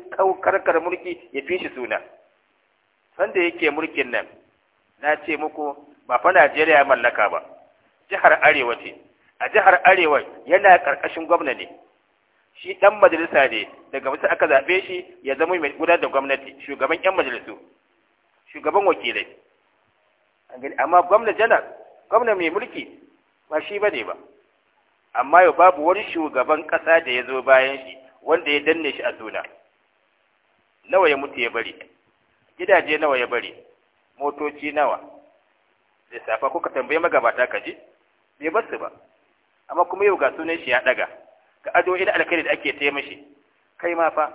karkar mulki ya fi shi suna sanda yake mulkin nan na ce muku ba fa Najeriya mallaka ba jihar arewa ce a jihar arewa yana karkashin gwamna ne shi dan majalisa ne daga wasu aka zabe shi ya zama mai gudanar da gwamnati shugaban yan majalisu shugaban wakilai amma gwamna janar gwamna mai mulki ba shi bane ba amma yau babu wani shugaban kasa da ya zo bayan shi wanda ya danne shi a suna nawa ya mutu ya bari gidaje nawa ya bari motoci nawa lissafa kuka tambaye magabata ka ji bai bar su ba amma kuma yau ga sunan shi ya daga Ga ado ina alkhairi da ake taya mishi kai ma fa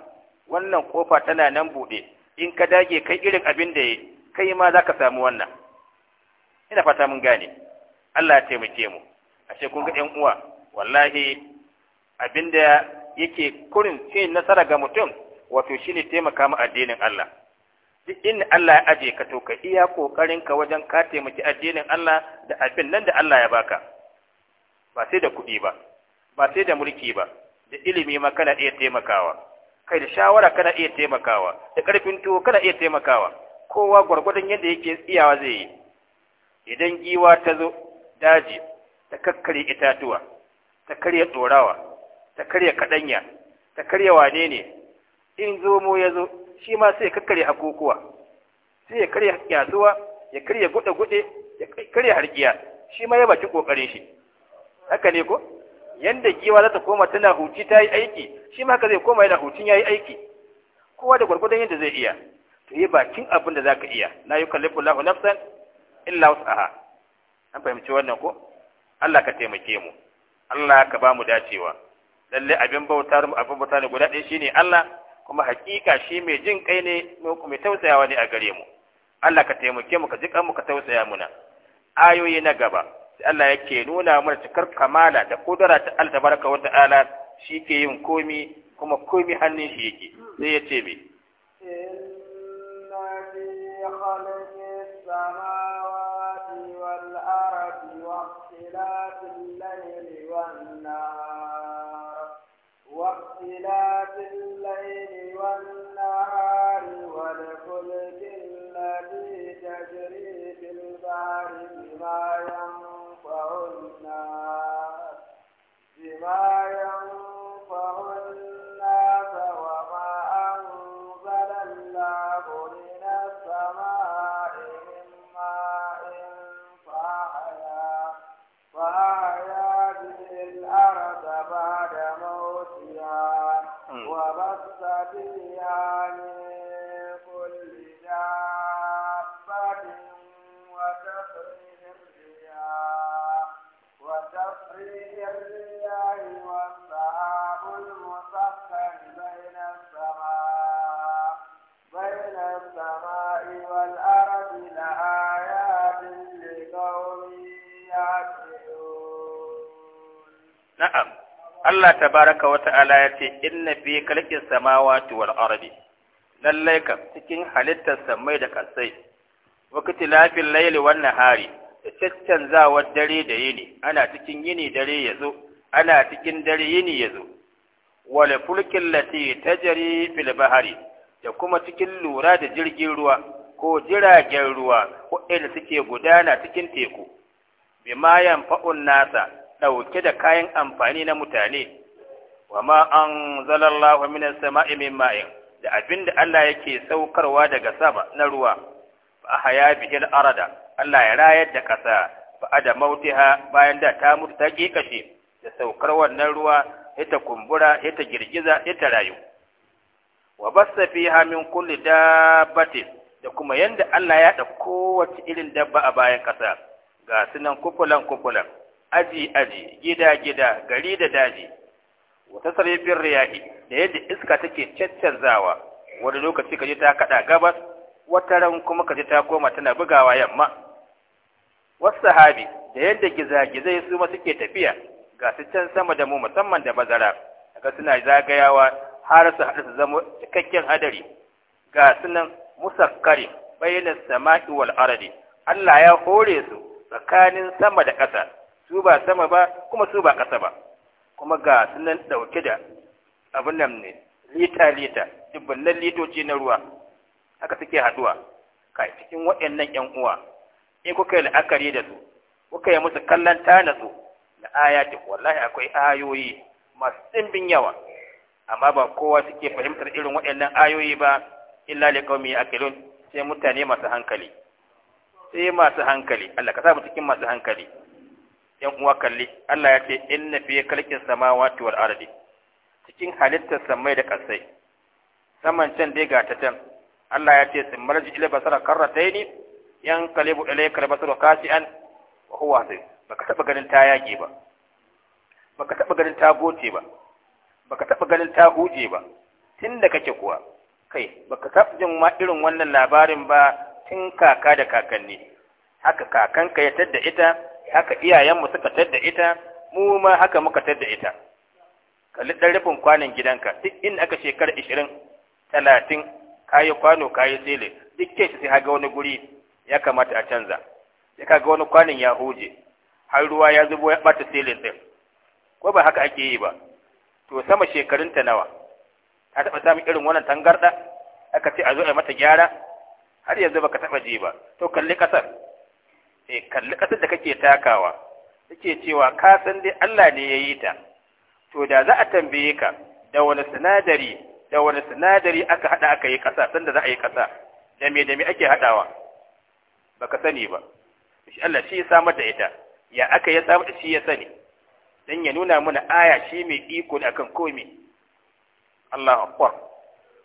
wannan kofa tana nan bude in ka dage kai irin abin da kai ma zaka samu wannan ina fata mun gane Allah ya taimake mu ashe kun ga ɗan uwa wallahi abin da yake kurin cin nasara ga mutum wato shine taimaka mu addinin Allah duk inda Allah ya aje ka to ka iya kokarin ka wajen ka taimaki addinin Allah da abin nan da Allah ya baka ba sai da kuɗi ba ba sai da mulki ba da ilimi ma kana iya taimakawa kai da shawara kana iya taimakawa da ƙarfin tuwo kana iya taimakawa kowa gwargwadon yadda yake iyawa zai yi idan giwa ta zo daji ta kakkare itatuwa ta karya tsorawa, ta karya kaɗanya ta karya wane ne in zomo ya zo shi ma sai hakukuwa sai ya karya yasuwa ya karya guɗe-guɗe ya karya harkiya shi ma ya baki ƙoƙarin shi haka ne ko yanda giwa za ta koma tana huci ta yi aiki shi ma haka zai koma yana hucin ya yi aiki kowa da gwargwadon yadda zai iya to yi bakin abin da za ka iya na yi kallifin lahu nafsan illa aha an fahimci wannan ko Allah ka taimake mu Allah ka ba mu dacewa lalle abin bautar mu abin bauta ne guda ɗaya shine Allah kuma hakika shi mai jin kai ne mai tausayawa ne a gare mu Allah ka taimake mu ka jiƙa mu ka tausaya muna ayoyi na gaba Allah yake nuna mana cikar kamala da kudura ta Allah baraka wa ta'ala shi ke yin komi kuma komi hannun shi yake sai ya ce me Allah tabaraka wa ta'ala ya ce inna fi khalqis samawati wal ardi lallai ka cikin halittar samai da kasai wakati lafin laili wan nahari da zawar dare da yini ana cikin yini dare yazo ana cikin dare yini yazo wal fulkin lati tajri fil bahari da kuma cikin lura da jirgin ruwa ko jiragen ruwa waɗanda suke gudana cikin teku bima yanfa'un nasa ɗauke da kayan amfani na mutane wa ma an zalallahu sama'i min ma'in da abin da Allah yake saukarwa daga sama na ruwa ba a haya bihil arada Allah ya rayar da ƙasa da mauti mautiha bayan da ta mutu ta kikashe da saukar wannan ruwa ita kumbura ita girgiza ita rayu wa basta fiha min kulli dabbatin da kuma yanda Allah ya da kowace irin dabba a bayan ƙasa ga sunan kufulan kufulan aji aji gida gida gari da daji wata sarrafin riyahi da yadda iska take caccanzawa wani lokaci kaji ta kada gabas wata ran kuma kaji ta koma tana bugawa yamma wasu sahabi da yadda gizagizai su ma suke tafiya ga su can sama da mu musamman da bazara ga suna zagayawa har su haɗu su zama cikakken hadari ga sunan musakkari bayanin sama'i wal Allah ya hore su tsakanin sama da ƙasa su ba sama ba kuma su ba ƙasa ba kuma ga sunan ɗauke da abin nan ne lita-lita dubbannan litoci na ruwa haka suke haɗuwa ka cikin waɗannan ‘yan uwa in kuka yi la'akari da su kuka yi musu kallon tana su da ayati wallahi akwai ayoyi masu ɗimbin yawa amma ba kowa suke fahimtar irin waɗannan ayoyi ba illa kawai mai yaqilun sai mutane masu hankali sai masu hankali Allah ka sa mu cikin masu hankali yan uwa kalli Allah ya ce inna fi kalkin samawati wal ardi cikin halittar samai da kasai saman can dai ga ta can Allah ya ce sun marji ila basara karrataini yan kalibu ila basara kasian wa huwa sai baka taba ganin ta yage ba baka taba ganin ta goce ba baka taba ganin ta huje ba tun da kake kuwa kai baka taba jin ma irin wannan labarin ba tun kaka da kakanni haka kakanka ya tadda ita haka iyayenmu suka tadda ita mu ma haka muka tadda ita kalli dan rufin kwanin gidanka duk in aka shekara 20 30 kayi kwano kayi sele duk ke sai haga wani guri ya kamata a canza sai kaga wani kwanin ya huje har ruwa ya zubo ya bata selin din ko ba haka ake yi ba to sama shekarun ta nawa ta taba samun irin wannan tangarda aka ce a zo a mata gyara har yanzu baka taba ji ba to kalli kasar e kalli ƙasar da kake takawa take cewa ka san dai Allah ne ya yi ta to da za a tambaye ka da wani sinadari da wani sinadari aka haɗa aka yi ƙasa sanda za a yi ƙasa da me da me ake haɗawa baka sani ba shi Allah shi ya samar da ita ya aka ya samar da shi ya sani dan ya nuna mana aya shi mai iko ne akan komai Allahu akbar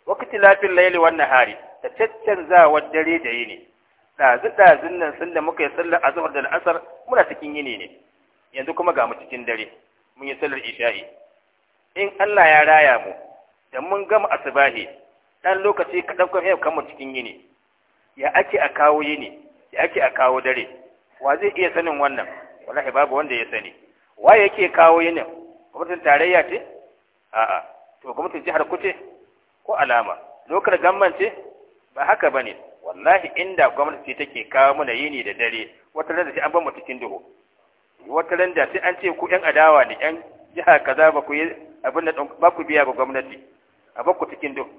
waqti lafil layli wan nahari ta caccanzawar dare da yini ɗazin ɗazun nan sun da muka yi sallar azumar da al'asar muna cikin yini ne yanzu kuma ga mu cikin dare mun yi sallar isha'i in Allah ya raya mu da mun gama asubahi Dan lokaci ka kuma yau mu cikin yini ya ake a kawo yini ya ake a kawo dare wa zai iya sanin wannan wallahi babu wanda ya sani wa yake kawo yini? gwamnatin tarayya ce a'a to gwamnatin jihar kuce ko alama lokar gamman ba haka bane wallahi inda gwamnati take kawo mana yini da dare wata ran da sai an bar cikin duhu wata ran da sai an ce ku yan adawa ne yan jiha kaza ba ku yi abin da ba ku biya ga gwamnati a bar ku cikin duhu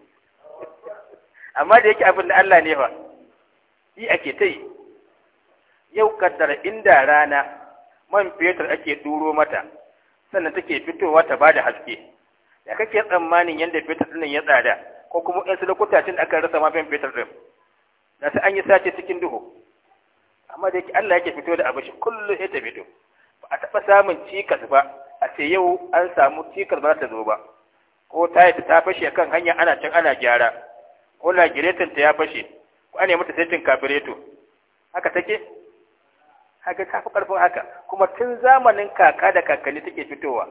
amma da yake abin da Allah ne fa yi ake ta yi yau kaddara inda rana man fetur ake duro mata sannan take fitowa ta bada haske da kake tsammanin yadda fetur ɗin ya tsada ko kuma in su lokuta cin aka rasa mafin fetur ɗin da ta an yi sace cikin duhu amma da yake Allah yake fito da abu shi kullum ya ta fito ba a taɓa samun cikas ba a ce yau an samu cikas ba ta zo ba ko ta yi ta fashe kan hanya ana can ana gyara ko lagiretin ta ya fashe ko an yi mata setin kafireto haka take haka ta fi ƙarfin haka kuma tun zamanin kaka da kakanni take fitowa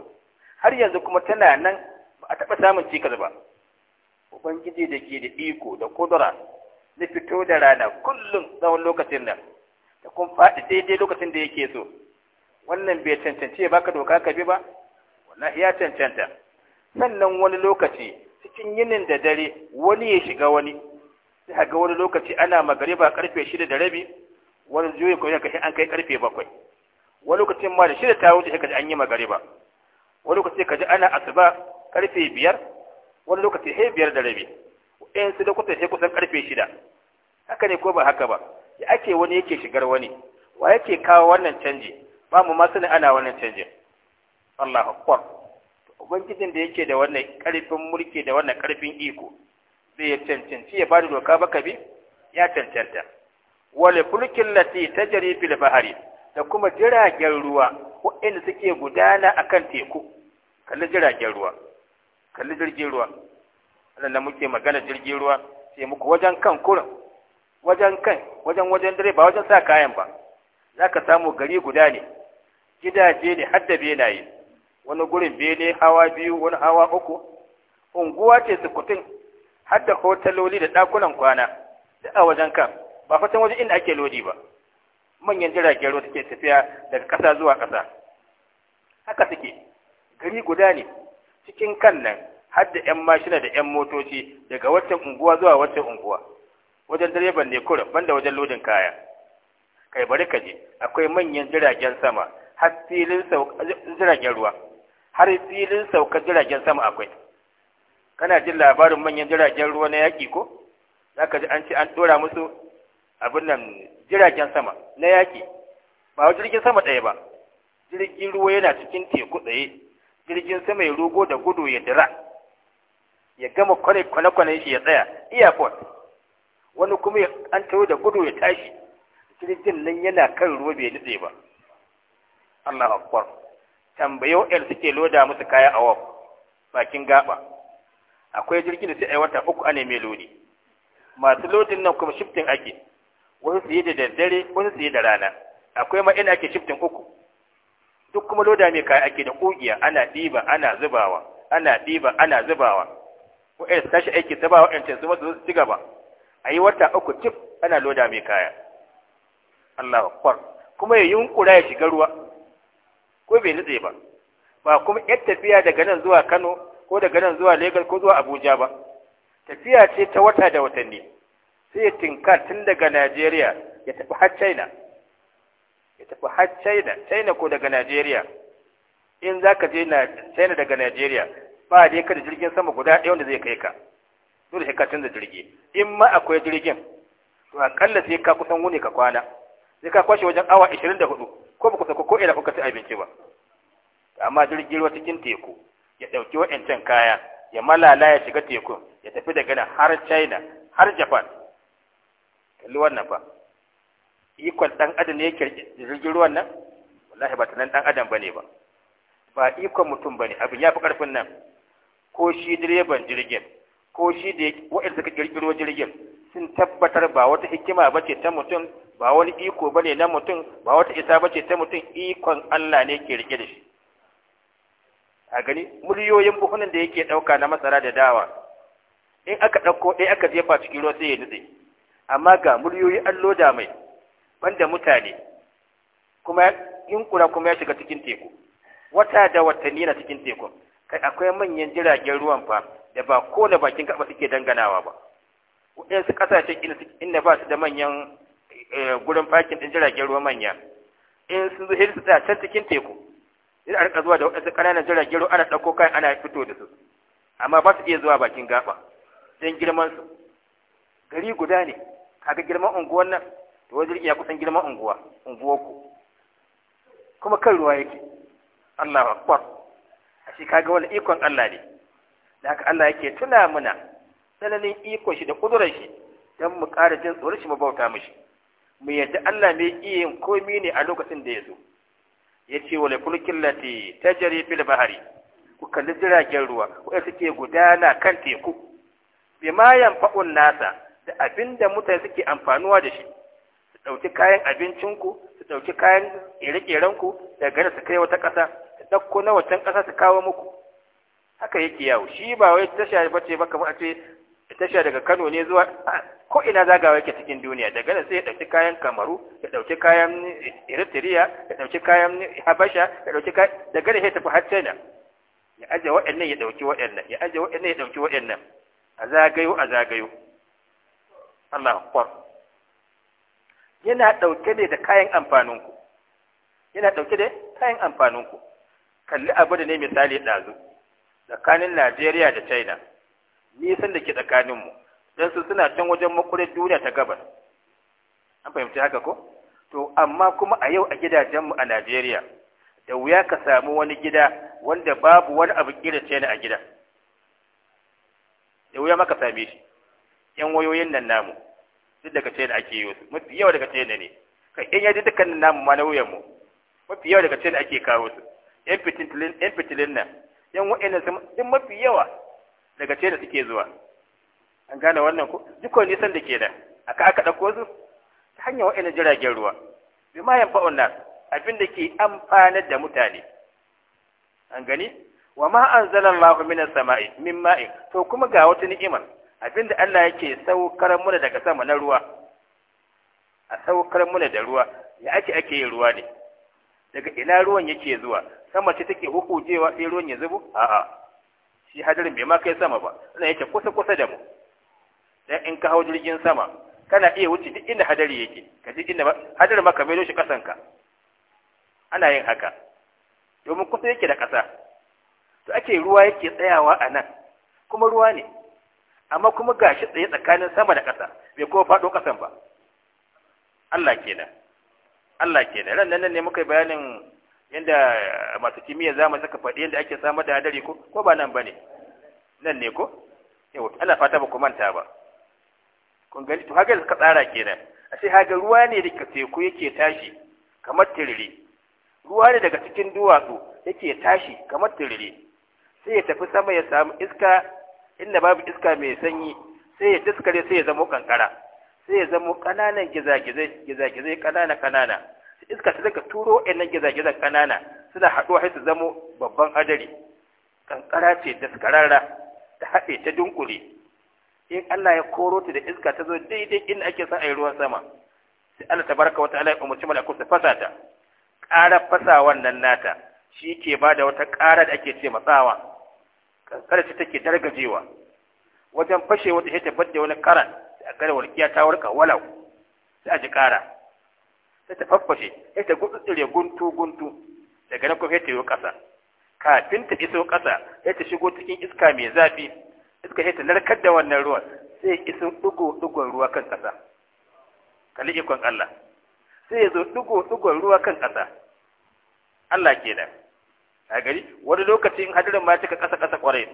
har yanzu kuma tana nan ba a taɓa samun cikas ba ubangiji da ke da iko da kudura zai fito da rana kullum tsawon lokacin nan da kuma faɗi daidai lokacin da yake so wannan bai cancanci ya baka doka ka bi ba wannan ya cancanta sannan wani lokaci cikin yinin da dare wani ya shiga wani sai ga wani lokaci ana magariba karfe shida da rabi wani juyin kuma kashi an kai karfe bakwai wani lokacin ma da shida ta wuce kaji an yi magariba wani lokaci kaji ana asuba karfe biyar wani lokaci sai biyar da rabi ɗayan su kuta sai kusan karfe shida haka ne ko ba haka ba ya ake wani yake shigar wani wa yake kawo wannan canji ba mu ma sanin ana wannan canjin Allah akbar ubangijin da yake da wannan karfin mulki da wannan karfin iko zai ya cancanci ya bada doka baka bi ya cancanta wale fulkin lati ta jari fil bahari da kuma jiragen ruwa waɗanda suke gudana akan teku kalli jiragen ruwa kalli jirgin ruwa da muke magana jirgin ruwa sai muku wajen kan kurin wajen kan wajen wajen dare ba wajen sa kayan ba za ka samu gari guda ne gidaje ne har da benaye wani gurin bene hawa biyu wani hawa uku unguwa ce sukutun har da hotaloli da ɗakunan kwana da a wajen kan ba fatan wajen inda ake lodi ba manyan jiragen ruwa suke tafiya daga ƙasa zuwa ƙasa haka suke gari guda ne cikin kan nan har da ƴan mashina da ƴan motoci daga waccan unguwa zuwa waccan unguwa wajen direban ne kurin banda wajen lodin kaya kai bari ka je akwai manyan jiragen sama har filin jiragen ruwa har filin saukar jiragen sama akwai kana jin labarin manyan jiragen ruwa na yaƙi ko Za ka ji an ce an ɗora musu abin nan jiragen sama na yaƙi ba wa jirgin sama ɗaya ba jirgin ruwa yana cikin teku tsaye jirgin sama ya rugo da gudu ya dira ya gama kwane-kwane shi ya tsaya airport wani kuma an tawo da gudu ya tashi jirgin nan yana kan ruwa bai nitse ba Allah akbar tambayo el suke loda musu kaya a waf bakin gaba akwai jirgin da sai ai wata uku ane mai lodi masu lodin nan kuma shifting ake wani su yi da daddare wani su yi da rana akwai ma ina ake shifting uku duk kuma loda mai kaya ake da kugiya ana diba ana zubawa ana diba ana zubawa wa'yan su tashi aiki ta ba wa'yan su masu ci gaba a yi wata uku tif ana loda mai kaya Allah akbar kuma ya yunkura ya shiga ruwa ko bai nutse ba ba kuma yar tafiya daga nan zuwa Kano ko daga nan zuwa Lagos ko zuwa Abuja ba tafiya ce ta wata da watanni sai ya tinka tun daga Najeriya ya tafi har China ya tafi har China China ko daga Najeriya in zaka je na China daga Najeriya ba dai ka da jirgin sama guda ɗaya wanda zai kai ka dole da ka da jirgi in ma akwai jirgin to akalla sai ka kusan wuni ka kwana sai ka kwashe wajen awa 24 ko ba ku ko ina kuka ci abinci ba amma jirgin ruwa cikin teku ya ɗauki wa'ancan kaya ya malala ya shiga teku ya tafi daga nan har china har japan kalli wannan fa ikon ɗan adam ne ya jirgin ruwan nan wallahi ba ta nan ɗan adam ba ne ba ba ikon mutum ba ne abin ya fi ƙarfin nan ko shi direban jirgin ko shi da waɗanda suka kirkiro jirgin sun tabbatar ba wata hikima ba ce ta mutum ba wani iko ba ne na mutum ba wata isa ba ce ta mutum ikon Allah ne ke rike da shi a gani miliyoyin buhunan da yake ɗauka na masara da dawa in aka ɗauko ɗaya aka jefa cikin ruwa sai ya nutse amma ga miliyoyi allo da mai banda mutane kuma kura kuma ya shiga cikin teku wata da watanni na cikin tekun kai akwai manyan jiragen ruwan fa da ba ko da bakin kaba suke danganawa ba waɗansu ƙasashen inda ba su da manyan eh, gurin fakin ɗin jiragen ruwa manya in sun zo su tsaya can cikin teku in a zuwa da waɗansu ƙananan jiragen ruwa ana ɗauko kayan ana fito da su amma ba su iya zuwa bakin gaba don girman su gari guda ne kaga girman unguwan nan to wajen ya kusan girman unguwa ku kuma kan ruwa yake Allahu akbar shi ga wani ikon Allah ne da haka Allah yake tuna muna tsananin ikon shi da ƙudurar shi don mu ƙara jin tsoron shi mu bauta mishi mu yadda Allah mai iya yin komi ne a lokacin da ya zo ya ce wa laifulkin lati ta jari fil bahari ku kalli jiragen ruwa wadda suke gudana kan teku bi ma yanfa'un nasa da abin da mutane suke amfanuwa da shi su ɗauki kayan abincinku su ɗauki kayan ƙere-ƙerenku daga gane su kai wata ƙasa su ɗauko na wancan ƙasa su kawo muku haka yake yawo shi ba wai tasha ba ce ba kamar a ce tasha daga kano ne zuwa ko ina zagawa yake cikin duniya daga nan sai ya ɗauki kayan kamaru ya ɗauki kayan eritrea ya ɗauki kayan habasha ya ɗauki kayan daga nan ya tafi har china ya aje waɗannan ya ɗauki waɗannan ya aje waɗannan ya ɗauki waɗannan a zagayo a zagayo Allah kwar yana ɗauke ne da kayan amfaninku yana ɗauke da kayan amfaninku kalli abu da ne misali ɗazu tsakanin najeriya da china nisan da ke tsakaninmu don su suna can wajen makurin duniya ta gabas an fahimci haka ko to amma kuma a yau a gidajenmu a najeriya da wuya ka samu wani gida wanda babu wani abu kira china a gida da wuya maka same shi yan wayoyin nan namu duk daga china ake yi su mafi yawa daga china ne kai yan yaji dukkanin namu ma na wuyanmu mafi yawa daga china ake kawo su yan fitilin yan fitilin nan yan wa'annan duk mafi yawa daga ce da suke zuwa an gane wannan ko wani nisan da ke da aka aka ɗauko su ta hanyar wa'annan jiragen ruwa bi ma yan fa'un nan abin da ke amfanar da mutane an gani wa ma anzalallahu minas sama'i min ma'in to kuma ga wata ni'imar abinda Allah yake saukar muna daga sama na ruwa a saukar muna da ruwa ya ake ake yin ruwa ne daga ina ruwan yake zuwa sama ce take hukujewa sai ruwan ya zubo a'a shi hadarin bai ma kai sama ba sannan yake kusa kusa da mu dan in ka hau jirgin sama kana iya wuce duk inda hadari yake ka ji inda hadari ma ka maido shi kasan ka ana yin haka domin kusa yake da kasa to ake ruwa yake tsayawa a nan kuma ruwa ne amma kuma gashi tsaye tsakanin sama da kasa bai kuma faɗo kasan ba Allah kenan Allah ke da ran nan ne muka bayanin yadda masu kimiyya za mu saka faɗi yadda ake samar da hadari ko ko ba nan ba ne nan ne ko yau ana fata ba ku manta ba kun gani to haka suka tsara kenan a sai haka ruwa ne da teku yake tashi kamar tiriri ruwa ne daga cikin duwatsu yake tashi kamar tiriri sai ya tafi sama ya samu iska inda babu iska mai sanyi sai ya tiskare sai ya zama kankara sai ya zama ƙananan gizagizai ƙanana ƙanana iska su daga turo ɗannan gizagizan ƙanana suna haɗuwa sai su zama babban hadari Ƙanƙara ce daskararra ta haɗe ta dunkule in Allah ya koro ta da iska ta zo daidai inda ake sa a yi ruwan sama sai Allah ta tabaraka wa ta'ala ya umarci mala'iku kusa fasa ta ƙara fasa wannan nata shi ke ba da wata ƙara da ake ce matsawa Ƙanƙara ce take dargajewa wajen fashe wata ita da wani karan a gara warkiya ta warka walau sai a ji kara sai ta faffashe sai ta tsire guntu guntu daga nan kuma sai ta yi ƙasa kafin ta iso ƙasa sai ta shigo cikin iska mai zafi iska sai ta narkar da wannan ruwan sai isin dugo ɗigo ruwa kan ƙasa kalli ikon Allah sai ya zo dugo ɗigon ruwa kan ƙasa Allah kenan a gari wani lokacin hadirin ma cika ƙasa ƙasa ƙwarai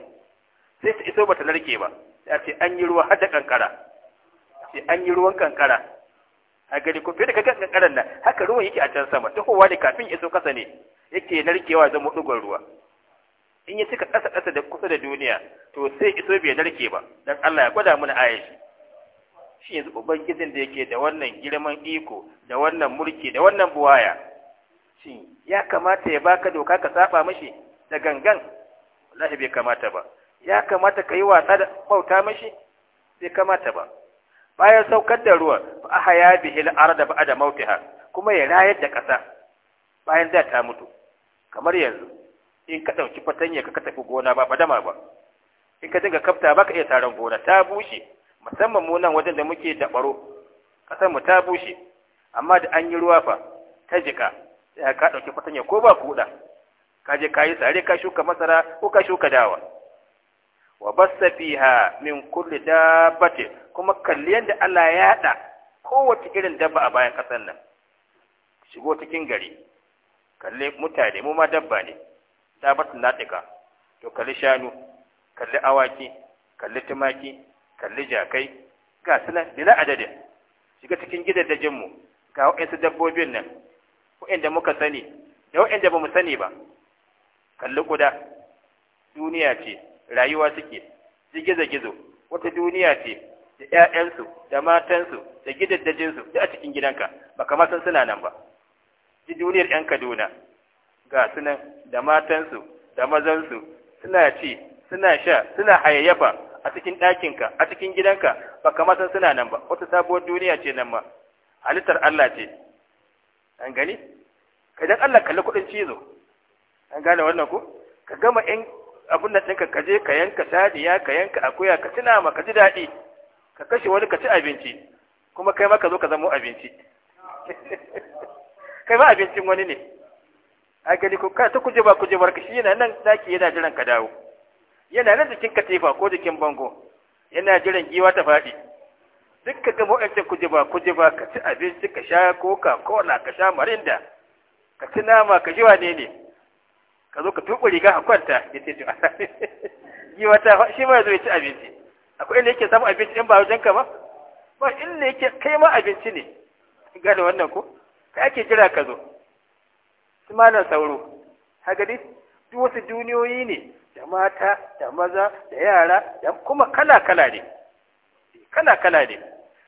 sai ta iso bata narke ba ya ce an yi ruwa hada kankara sai an yi ruwan kankara a gari ko fiye da kakan kankaran nan haka ruwan yake a can sama tahowa da kafin ya so kasa ne yake narkewa zama dugon ruwa in ya cika ƙasa ƙasa da kusa da duniya to sai iso bai narke ba dan Allah ya gwada mana ayashi shi yanzu ubangijin da yake da wannan girman iko da wannan mulki da wannan buwaya shin ya kamata ya baka doka ka saba mashi da gangan wallahi bai kamata ba ya kamata ka yi wasa da bauta mashi bai kamata ba bayan saukar da ruwan fa ahya bihil arda ba'da mautiha kuma ya rayar da ƙasa bayan da ta mutu kamar yanzu in ka ɗauki fatanya ka tafi gona ba fadama ba in ka dinga kafta ba ka iya taron gona ta bushe musamman mu nan wajen da muke da baro ƙasar mu ta bushe amma da an yi ruwa fa ta jika sai ka ɗauki fatanya ko ba kuɗa ka je ka yi sare ka shuka masara ko ka shuka dawa wa bassa fiha min kulli dabbati kuma kalli yadda Allah ya hada kowace irin dabba a bayan kasar nan shigo cikin gari kalli mutane mu ma dabba ne na natika to kalli shanu kalli awaki kalli tumaki kalli jakai ga nan, bila adadin shiga cikin gidajen mu ga wa'ansu dabbobin nan wa'anda muka sani da wa'anda ba mu sani ba kalli kuda duniya ce rayuwa suke su gizo-gizo wata duniya ce da 'ya'yansu da matansu da gidaddajinsu da a cikin gidanka ba kama san suna nan ba ji duniyar 'yan kaduna ga sunan da matansu da mazansu suna ci suna sha suna hayayyafa a cikin ɗakinka a cikin gidanka ba kama san suna nan ba wata sabuwar duniya ce nan ma halittar Allah ce an gani kadan Allah kalli kuɗin cizo an gane wannan ku? ka gama 'yan abin nan ɗinka ka je ka yanka sadiya ka yanka akuya ka ci nama ka ji daɗi ka kashe wani ka ci abinci kuma kai ma ka zo ka zamo abinci kai ma abincin wani ne a gani ko ka ta kuje ba kuje barka shi yana nan daki yana jiran ka dawo yana nan jikin katifa ko jikin bango yana jiran giwa ta faɗi duk ka ga mu'ancin kuje ba kuje ba ka ci abinci ka sha koka kola ka sha marinda ka ci nama ka ji wane ne ka zo ka tuɓe riga a kwanta ya ce to yi wata shi ma ya zo ya ci abinci akwai inda yake samun abinci in ba wajen ka ba ba inda yake kai ma abinci ne gane wannan ko ka ake jira ka zo su nan sauro haka dai duk wasu duniyoyi ne da mata da maza da yara da kuma kala-kala ne kala-kala ne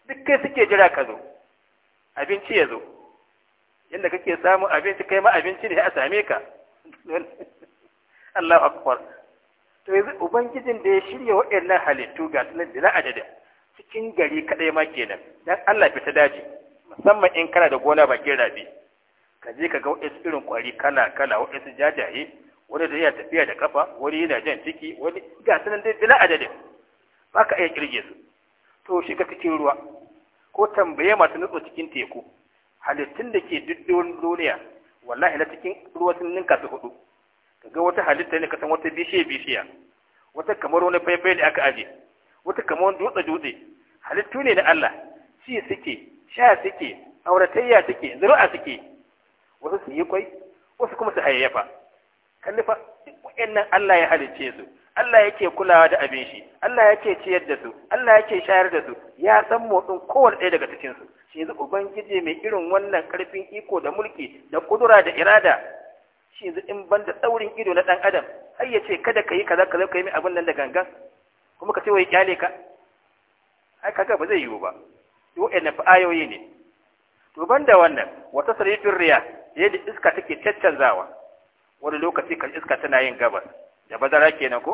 duk kai suke jira ka zo abinci ya zo yadda kake samun abinci kai ma abinci ne a same ka Allahu akbar to yanzu ubangijin da ya shirya waɗannan halittu ga sunan da adadin cikin gari kaɗai ma kenan don Allah fita daji musamman in kana da gona bakin rabi ka je ka ga waɗansu irin kwari kala kala waɗansu jajaye wani da yana tafiya da kafa wani yana jan ciki wani ga sunan ba ka iya kirge su to shiga cikin ruwa ko tambaye masu nutso cikin teku halittun da ke duk duniya wallahi na cikin ruwa sun ninka su hudu kaga wata halitta ne kasan wata bishiya bishiya wata kamar wani faifai da aka aje wata kamar wani dutse dutse halittu ne na Allah ci suke sha suke auratayya suke zuri'a suke wasu su yi kwai wasu kuma su hayayyafa kallifa wa'annan Allah ya halicce su Allah yake kulawa da abin shi Allah yake ciyar da su Allah yake shayar da su ya san motsin kowane ɗaya daga cikin su shi yanzu ubangiji mai irin wannan karfin iko da mulki da kudura da irada shi yanzu in banda tsaurin ido na dan adam har ya ce kada ka yi kaza kaza ka yi abin nan da gangan kuma ka ce wai kyale ka ai kaga ba zai yiwu ba wa'annan fa ayoyi ne to banda wannan wata sarifin riya yadda iska take caccanzawa wani lokaci kan iska tana yin gabas da bazara kenan ko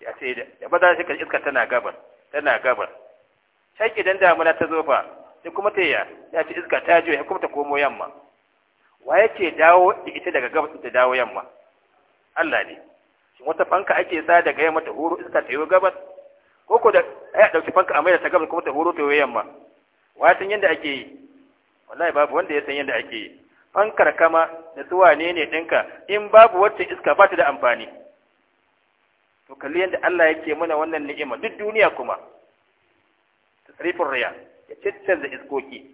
ya ce da bazara shi kan iska tana gabar tana gabar sai idan damuna ta zo fa sai kuma ta ya ya ce iska ta jiya kuma ta komo yamma waye ce dawo da ita daga gabas ta dawo yamma Allah ne shin wata fanka ake sa daga yamma ta horo iska ta yi gabas ko ko da ya dauki fanka a maida ta gabas kuma ta horo ta yi yamma wa san yanda ake yi wallahi babu wanda ya san yanda ake yi fankar kama da su ne ne ɗinka in babu wacce iska ba ta da amfani to kalli yadda Allah yake mana wannan ni'ima duk duniya kuma tasrifin riya ya da iskoki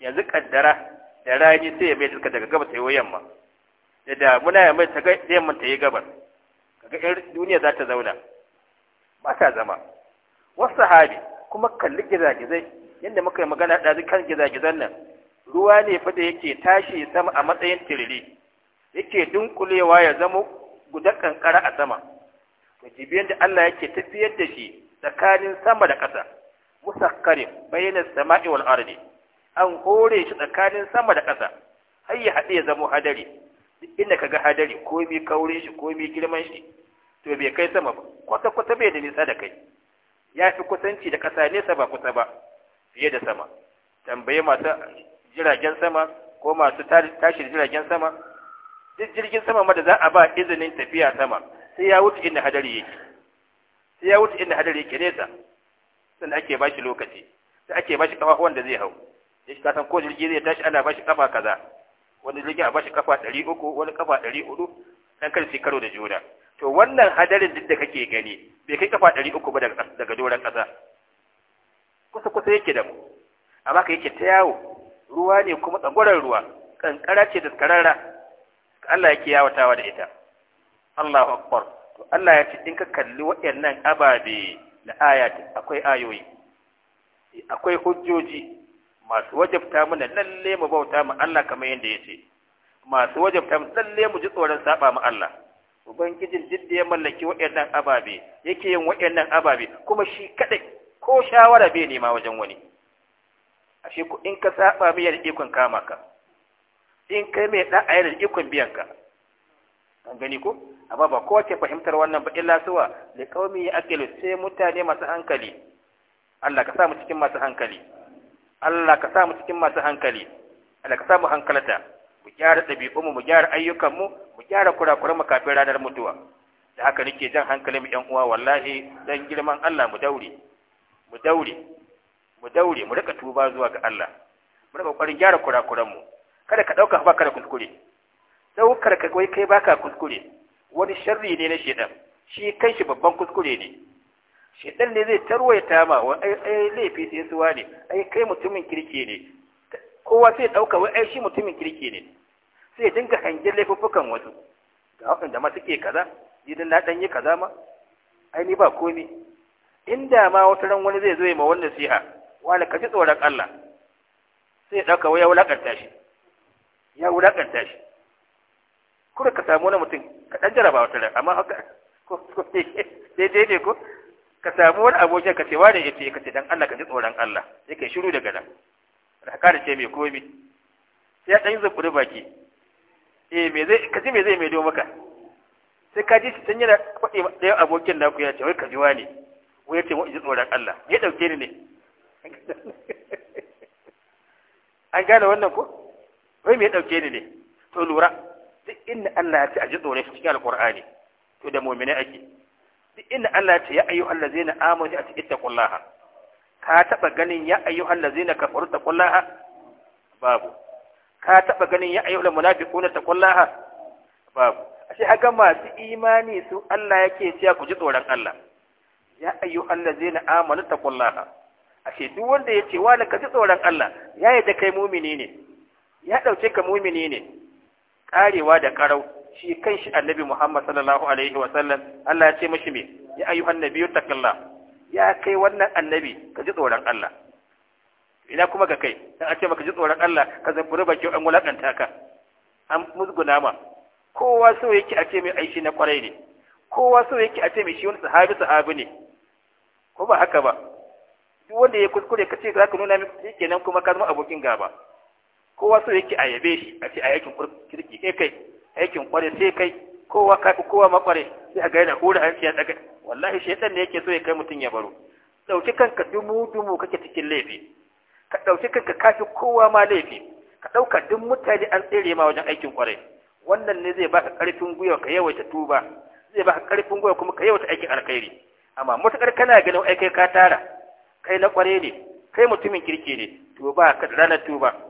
yanzu kaddara da rani sai ya mai duka daga gabas ya yamma da damuna ya mai ta ga yamma ta yi gabar kaga ɗan duniya za ta zauna ba ta zama wasu sahabi kuma kalli gizagizai yadda muka yi magana da kan gizagizan nan ruwa ne fa yake tashi sama a matsayin tiriri yake dunkulewa ya zama gudan kankara a sama ku jibi da Allah yake tafiyar da shi tsakanin sama da ƙasa musakkari bayyana sama'i wal ardi an hore shi tsakanin sama da ƙasa har ya haɗe ya zama hadari duk inda ka ga hadari ko mi kaurin shi ko mi girman shi to bai kai sama ba kwata kwata bai da nisa da kai ya fi kusanci da ƙasa nesa ba kusa ba fiye da sama tambaye masu jiragen sama ko masu tashi jiragen sama duk jirgin sama ma da za a ba izinin tafiya sama sai ya wuce inda hadari yake sai ya wuce inda hadari yake nesa sannan ake ba shi lokaci sai ake ba shi kafafuwan da zai hau ya shi kasan ko jirgi zai tashi ana ba shi kafa kaza wani jirgi a ba shi kafa ɗari uku wani kafa ɗari hudu dan kar su karo da juna to wannan hadarin duk da kake gani bai kai kafa ɗari uku ba daga doron ƙasa kusa kusa yake da mu amma ka yake ta yawo ruwa ne kuma tsangwarar ruwa kankara ce da karara Allah yake yawatawa da ita Allahu akbar to Allah ya ce in ka kalli waɗannan ababe na ayati akwai ayoyi akwai hujjoji masu wajabta mana lalle mu bauta mu Allah kamar yadda ya ce masu wajabta mu lalle mu ji tsoron saba ma Allah ubangijin duk da ya mallaki waɗannan ababe yake yin waɗannan ababe kuma shi kadai ko shawara bai nema wajen wani ashe ku in ka saba mai ikon kama ka in kai mai da'ayar da ikon biyan ka an gani ko amma ba kowace fahimtar wannan ba illa suwa da kaumi ya akilu sai mutane masu hankali Allah ka sa mu cikin masu hankali Allah ka sa mu cikin masu hankali Allah ka sa mu hankalata mu gyara ɗabi'unmu mu gyara ayyukan mu mu gyara kurakuran mu kafin ranar mutuwa da haka nake jan hankalin mu ƴan uwa wallahi dan girman Allah mu daure mu daure mu daure mu rika tuba zuwa ga Allah mu rika kokarin gyara kurakuran mu kada ka ɗauka ba kada kuskure ɗaukar ka kai kai baka kuskure wani sharri ne na shedan shi kai shi babban kuskure ne shedan ne zai tarwaita ma wa ai laifi sai suwa ne ai kai mutumin kirki ne kowa sai ɗauka wai ai shi mutumin kirki ne sai dinga hangen laifuffukan wasu ga waɗanda ma suke kaza idan na ɗan kaza ma ai ni ba komi inda ma wata ran wani zai zo ya ma wannan siha wala ka ji tsoron Allah sai ya ɗauka wai ya wulaƙanta shi ya wulaƙanta shi Kura ka samu wani mutum ka ɗan jaraba wata ran amma haka ko daidai ne ko ka samu wani abokin ka ce wani ne ce ka ce dan Allah ka ji tsoron Allah sai kai shiru daga nan haka da ce mai komi sai ya ɗan yi zuburi baki eh me zai ka ji me zai mai domaka maka sai ka ji shi can yana faɗi ɗayan abokin ku ya ce wai ka ji wani wai ya ce wani ji tsoron Allah ya ɗauke ni ne an gane wannan ko wai me ya ɗauke ni ne to lura duk inda Allah ya ce a ji tsoron shi cikin alkur'ani to da mu'mini ake duk inda Allah ya ce ya ayyu allazina amanu a cikin taqullaha ka taba ganin ya ayyu allazina kafaru taqullaha babu ka taba ganin ya ayyu almunafiquna taqullaha babu ashe haka masu imani su Allah yake cewa ku ji tsoron Allah ya ayyu allazina amanu taqullaha ashe duk wanda ya ce wa ka ji tsoron Allah ya yi da kai mumini ne ya dauke ka mumini ne karewa da karau shi kan shi annabi Muhammad sallallahu alaihi wasallam Allah ya ce mashi me ya ayyuhan nabiyyu taqillah ya kai wannan annabi ka ji tsoron Allah ina kuma ga kai dan a ce maka ji tsoron Allah ka zafuri baki an wulakanta ka an musguna ma kowa so yake a ce mai aishi na kwarai ne kowa so yake a ce mai shi wani sahabi sahabi ne ko ba haka ba duk wanda ya kuskure ka ce za ka nuna mai kenan kuma ka zama abokin gaba kowa so yake a yabe shi a ce a yakin kirki kai kai aikin kware sai kai kowa ka kowa makware sai a ga yana hura an ya daga wallahi shaytan ne yake so ya kai mutun ya baro dauki kanka dumu dumu kake cikin laifi ka dauki kanka kafi kowa ma laifi ka dauka duk mutane an tsere ma wajen aikin kware wannan ne zai baka karfin gwiwa ka yawaita tuba zai baka karfin gwiwa kuma ka yawaita aikin alkhairi amma mutakar kana ganin aikai ka tara kai na kware ne kai mutumin kirki ne to ba ka ranar tuba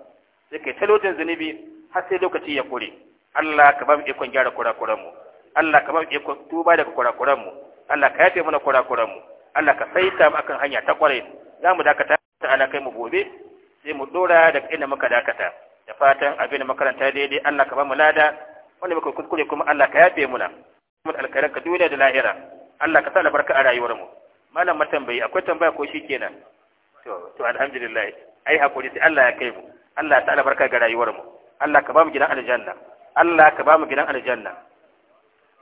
sai kai talotin zunubi har sai lokaci ya kure Allah ka ba mu ikon gyara kurakuran mu Allah ka ba mu ikon tuba daga kurakuran mu Allah ka yafe mana kurakuran mu Allah ka saita mu akan hanya ta kware za mu dakata ala kai mu gobe sai mu dora daga inda muka dakata da fatan abin makaranta daidai Allah ka ba mu lada wanda muka kuskure kuma Allah ka yafe muna mun alkaran ka duniya da lahira Allah ka sa albarka a rayuwar mu malam tambayi akwai tambaya ko shikenan to to alhamdulillah ai hakuri sai Allah ya kai mu Allah ta albarka ga rayuwar mu Allah ka ba mu gidan aljanna Allah ka ba mu gidan aljanna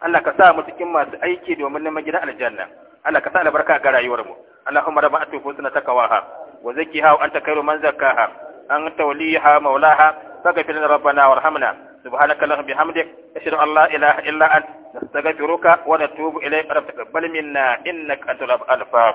Allah ka sa mu cikin masu aiki domin neman gidan aljanna Allah ka sa albarka ga rayuwar mu Allahumma rabba atu fusna takawaha wa zakkiha wa anta khairu man zakkaha anta waliyaha maulaha faghfir lana rabbana warhamna سبحانك اللهم بحمدك أشهد أن لا إله إلا أنت نستغفرك ونتوب إليك رب تقبل منا إنك أنت الألفاظ